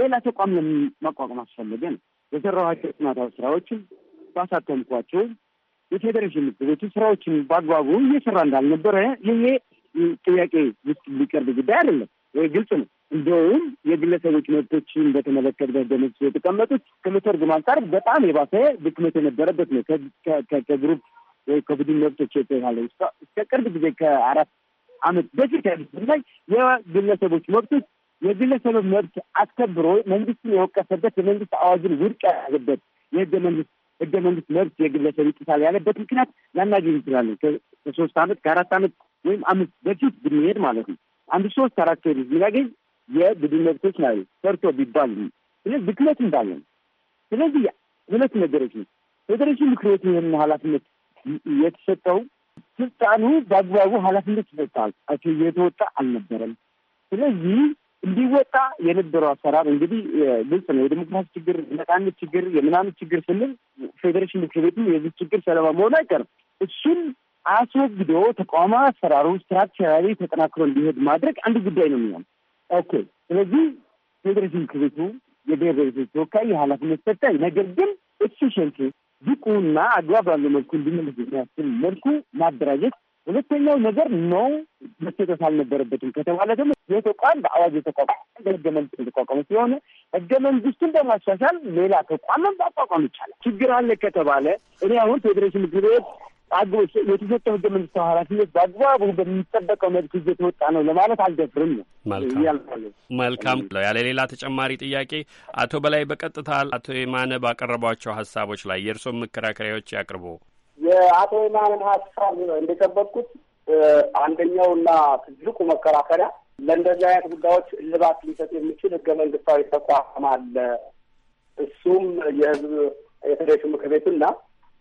ሌላ ተቋም ለማቋቋም አስፈለገ ነው። የሰራኋቸው ጥናታዊ ስራዎችም ባሳተምኳቸው የፌዴሬሽን ምክር ቤቱ ስራዎችን በአግባቡ እየሰራ እንዳልነበረ ይሄ ጥያቄ ውስጥ ሊቀርብ ጉዳይ አይደለም። ወይ? ግልጽ ነው። እንደውም የግለሰቦች መብቶችን በተመለከተ በህገ መንግስቱ የተቀመጡት ከመተርጉም አንጻር በጣም የባሰ ድክመት የነበረበት ነው። ከግሩፕ ወይ ከቡድን መብቶች የተባለ እስከ ቅርብ ጊዜ ከአራት አመት በፊት ያሉት ላይ የግለሰቦች መብቶች የግለሰብ መብት አስከብሮ መንግስትን የወቀሰበት የመንግስት አዋጅን ውድቅ ያደረገበት የህገ መንግስት ህገ መንግስት መብት የግለሰብ ይጥሳል ያለበት ምክንያት ላናገኝ እንችላለን። ከሶስት አመት ከአራት አመት ወይም አምስት በፊት ብንሄድ ማለት ነው አንድ ሶስት አራት ብናገኝ የቡድን መብቶች ማለት ሰርቶ ቢባል ስለዚህ ብክነት እንዳለን ስለዚህ ሁለት ነገሮች ነው። ፌዴሬሽን ምክር ቤት ይህን ኃላፊነት የተሰጠው ስልጣኑ በአግባቡ ኃላፊነት ይሰጣል አቸው የተወጣ አልነበረም። ስለዚህ እንዲወጣ የነበረው አሰራር እንግዲህ ግልጽ ነው። የዲሞክራሲ ችግር፣ ነጻነት ችግር፣ የምናምን ችግር ስንል ፌዴሬሽን ምክር ቤቱ የዚህ ችግር ሰለባ መሆኑ አይቀርም። እሱን አስወግዶ ተቋማ አሰራሩ ስትራክቸራዊ ተጠናክሮ እንዲሄድ ማድረግ አንድ ጉዳይ ነው የሚሆን ኦኬ። ስለዚህ ፌዴሬሽን ምክር ቤቱ የብሔር ብሔረሰቦች ተወካይ የኃላፊነት ሰጠኝ። ነገር ግን ኤፊሽንቱ ብቁና አግባብ ባለው መልኩ እንዲመልስ የሚያስችል መልኩ ማደራጀት። ሁለተኛው ነገር ነው መሰጠት አልነበረበትም ከተባለ ደግሞ የተቋም በአዋጅ የተቋቋመ በህገ መንግስት የተቋቋመ ስለሆነ ህገ መንግስቱን በማሻሻል ሌላ ተቋምን ማቋቋም ይቻላል። ችግር አለ ከተባለ እኔ አሁን ፌዴሬሽን ምክር ቤት አግቦች የተሰጠው ህገ መንግስታዊ ኃላፊነት በአግባቡ በሚጠበቀው መልክ እየተወጣ ነው ለማለት አልደፍርም ነው። መልካም ለው ያለ ሌላ ተጨማሪ ጥያቄ አቶ በላይ በቀጥታ አቶ የማነ ባቀረቧቸው ሀሳቦች ላይ የእርስዎም መከራከሪያዎች ያቅርቡ። የአቶ የማንን ሀሳብ እንደጠበቅኩት አንደኛውና ትልቁ መከራከሪያ ለእንደዚህ አይነት ጉዳዮች እልባት ሊሰጥ የሚችል ህገ መንግስታዊ ተቋም አለ። እሱም የህዝብ የፌዴሬሽን ምክር ቤቱና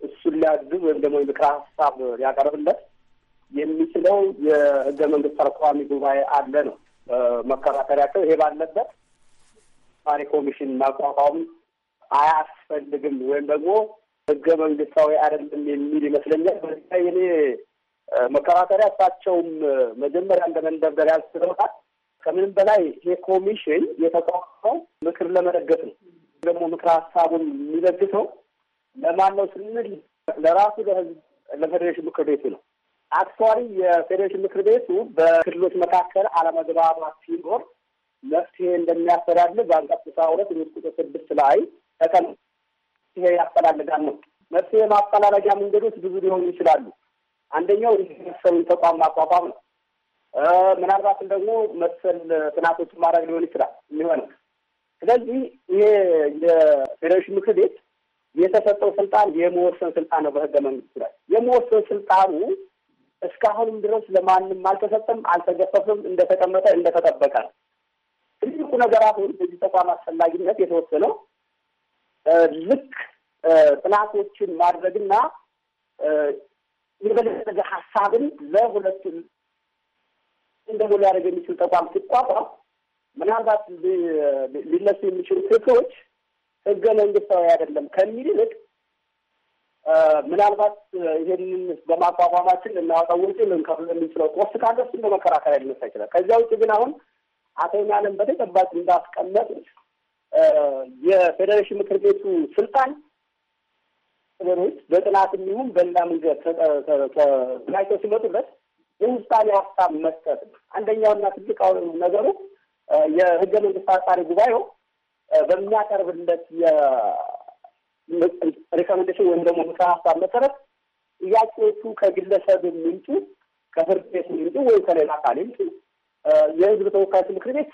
እሱን ሊያግዝ ወይም ደግሞ የምክር ሀሳብ ሊያቀርብለት የሚችለው የህገ መንግስት ተርጓሚ ጉባኤ አለ ነው መከራከሪያቸው። ይሄ ባለበት ቋሚ ኮሚሽን ማቋቋም አያስፈልግም ወይም ደግሞ ህገ መንግስታዊ አይደለም የሚል ይመስለኛል። በዚህ ላይ እኔ መከራከሪያ እሳቸውም መጀመሪያ እንደ መንደርደሪያ ያስረውታል። ከምንም በላይ ይሄ ኮሚሽን የተቋቋመው ምክር ለመደገፍ ነው። ደግሞ ምክር ሀሳቡን የሚለግሰው ለማን ነው ስንል ለራሱ ለህዝብ ለፌዴሬሽን ምክር ቤቱ ነው። አክሷሪ የፌዴሬሽን ምክር ቤቱ በክልሎች መካከል አለመግባባት ሲኖር መፍትሄ እንደሚያስተዳድር በአንቀጽ ስራ ሁለት ንዑስ ቁጥር ስድስት ላይ ተቀም መፍትሄ ያፈላልጋል ነው። መፍትሄ ማፈላለጊያ መንገዶች ብዙ ሊሆኑ ይችላሉ። አንደኛው መሰሉን ተቋም ማቋቋም ነው። ምናልባትም ደግሞ መሰል ጥናቶችን ማድረግ ሊሆን ይችላል የሚሆነው። ስለዚህ ይሄ የፌዴሬሽን ምክር ቤት የተሰጠው ስልጣን የመወሰን ስልጣን ነው። በህገ መንግስቱ ላይ የመወሰን ስልጣኑ እስካሁንም ድረስ ለማንም አልተሰጠም፣ አልተገፈፍም። እንደተቀመጠ እንደተጠበቀ ነው። ትልቁ ነገር አሁን በዚህ ተቋም አስፈላጊነት የተወሰነው ልክ ጥናቶችን ማድረግና የበለጸገ ሀሳብን ለሁለቱ እንደሞ ሊያደርግ የሚችል ተቋም ሲቋቋም ምናልባት ሊነሱ የሚችሉ ክርክሮች ህገ መንግስታዊ አይደለም ከሚል ይልቅ ምናልባት ይህንን በማቋቋማችን ልናወጣው ውጪ ልንከፍል የምንችለው ቆስ ካለ እሱን በመከራከሪያ ሊነሳ ይችላል። ከዚያ ውጭ ግን አሁን አቶ ይናለም በተጨባጭ እንዳስቀመጥ የፌዴሬሽን ምክር ቤቱ ስልጣን ክልሎች በጥናት የሚሆን በሌላ መንገድ ተናቸው ሲመጡበት የውሳኔ ሀሳብ መስጠት ነው። አንደኛውና ትልቅ ነገሩ የህገ መንግስት አጣሪ ጉባኤው በሚያቀርብለት የሪኮሜንዴሽን ወይም ደግሞ ምክረ ሀሳብ መሰረት ጥያቄዎቹ ከግለሰብ የሚምጡ ከፍርድ ቤት የሚምጡ ወይም ከሌላ አካል ይምጡ የህዝብ ተወካዮች ምክር ቤት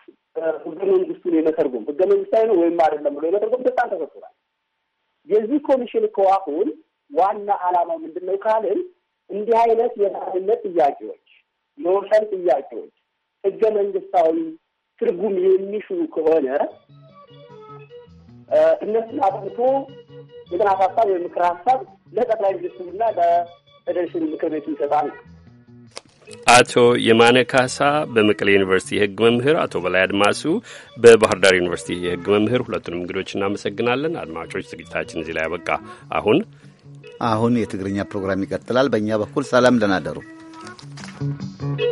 ህገ መንግስቱን የመተርጎም ህገ መንግስታዊ ነው ወይም አይደለም ብሎ የመተርጎም ስልጣን ተሰጥቷል። የዚህ ኮሚሽን እኮ አሁን ዋና አላማው ምንድን ነው ካልን እንዲህ አይነት የማንነት ጥያቄዎች፣ የወሰን ጥያቄዎች ህገ መንግስታዊ ትርጉም የሚሹ ከሆነ እነሱን አጥንቶ የጥናት ሀሳብ ወይም ምክር ሀሳብ ለጠቅላይ ሚኒስትሩና ለፌዴሬሽን ምክር ቤቱ ይሰጣል። አቶ የማነ ካሳ በመቀሌ ዩኒቨርሲቲ የህግ መምህር፣ አቶ በላይ አድማሱ በባህር ዳር ዩኒቨርሲቲ የህግ መምህር፣ ሁለቱንም እንግዶች እናመሰግናለን። አድማጮች ዝግጅታችን እዚህ ላይ ያበቃ። አሁን አሁን የትግርኛ ፕሮግራም ይቀጥላል። በእኛ በኩል ሰላም፣ ደህና ደሩ።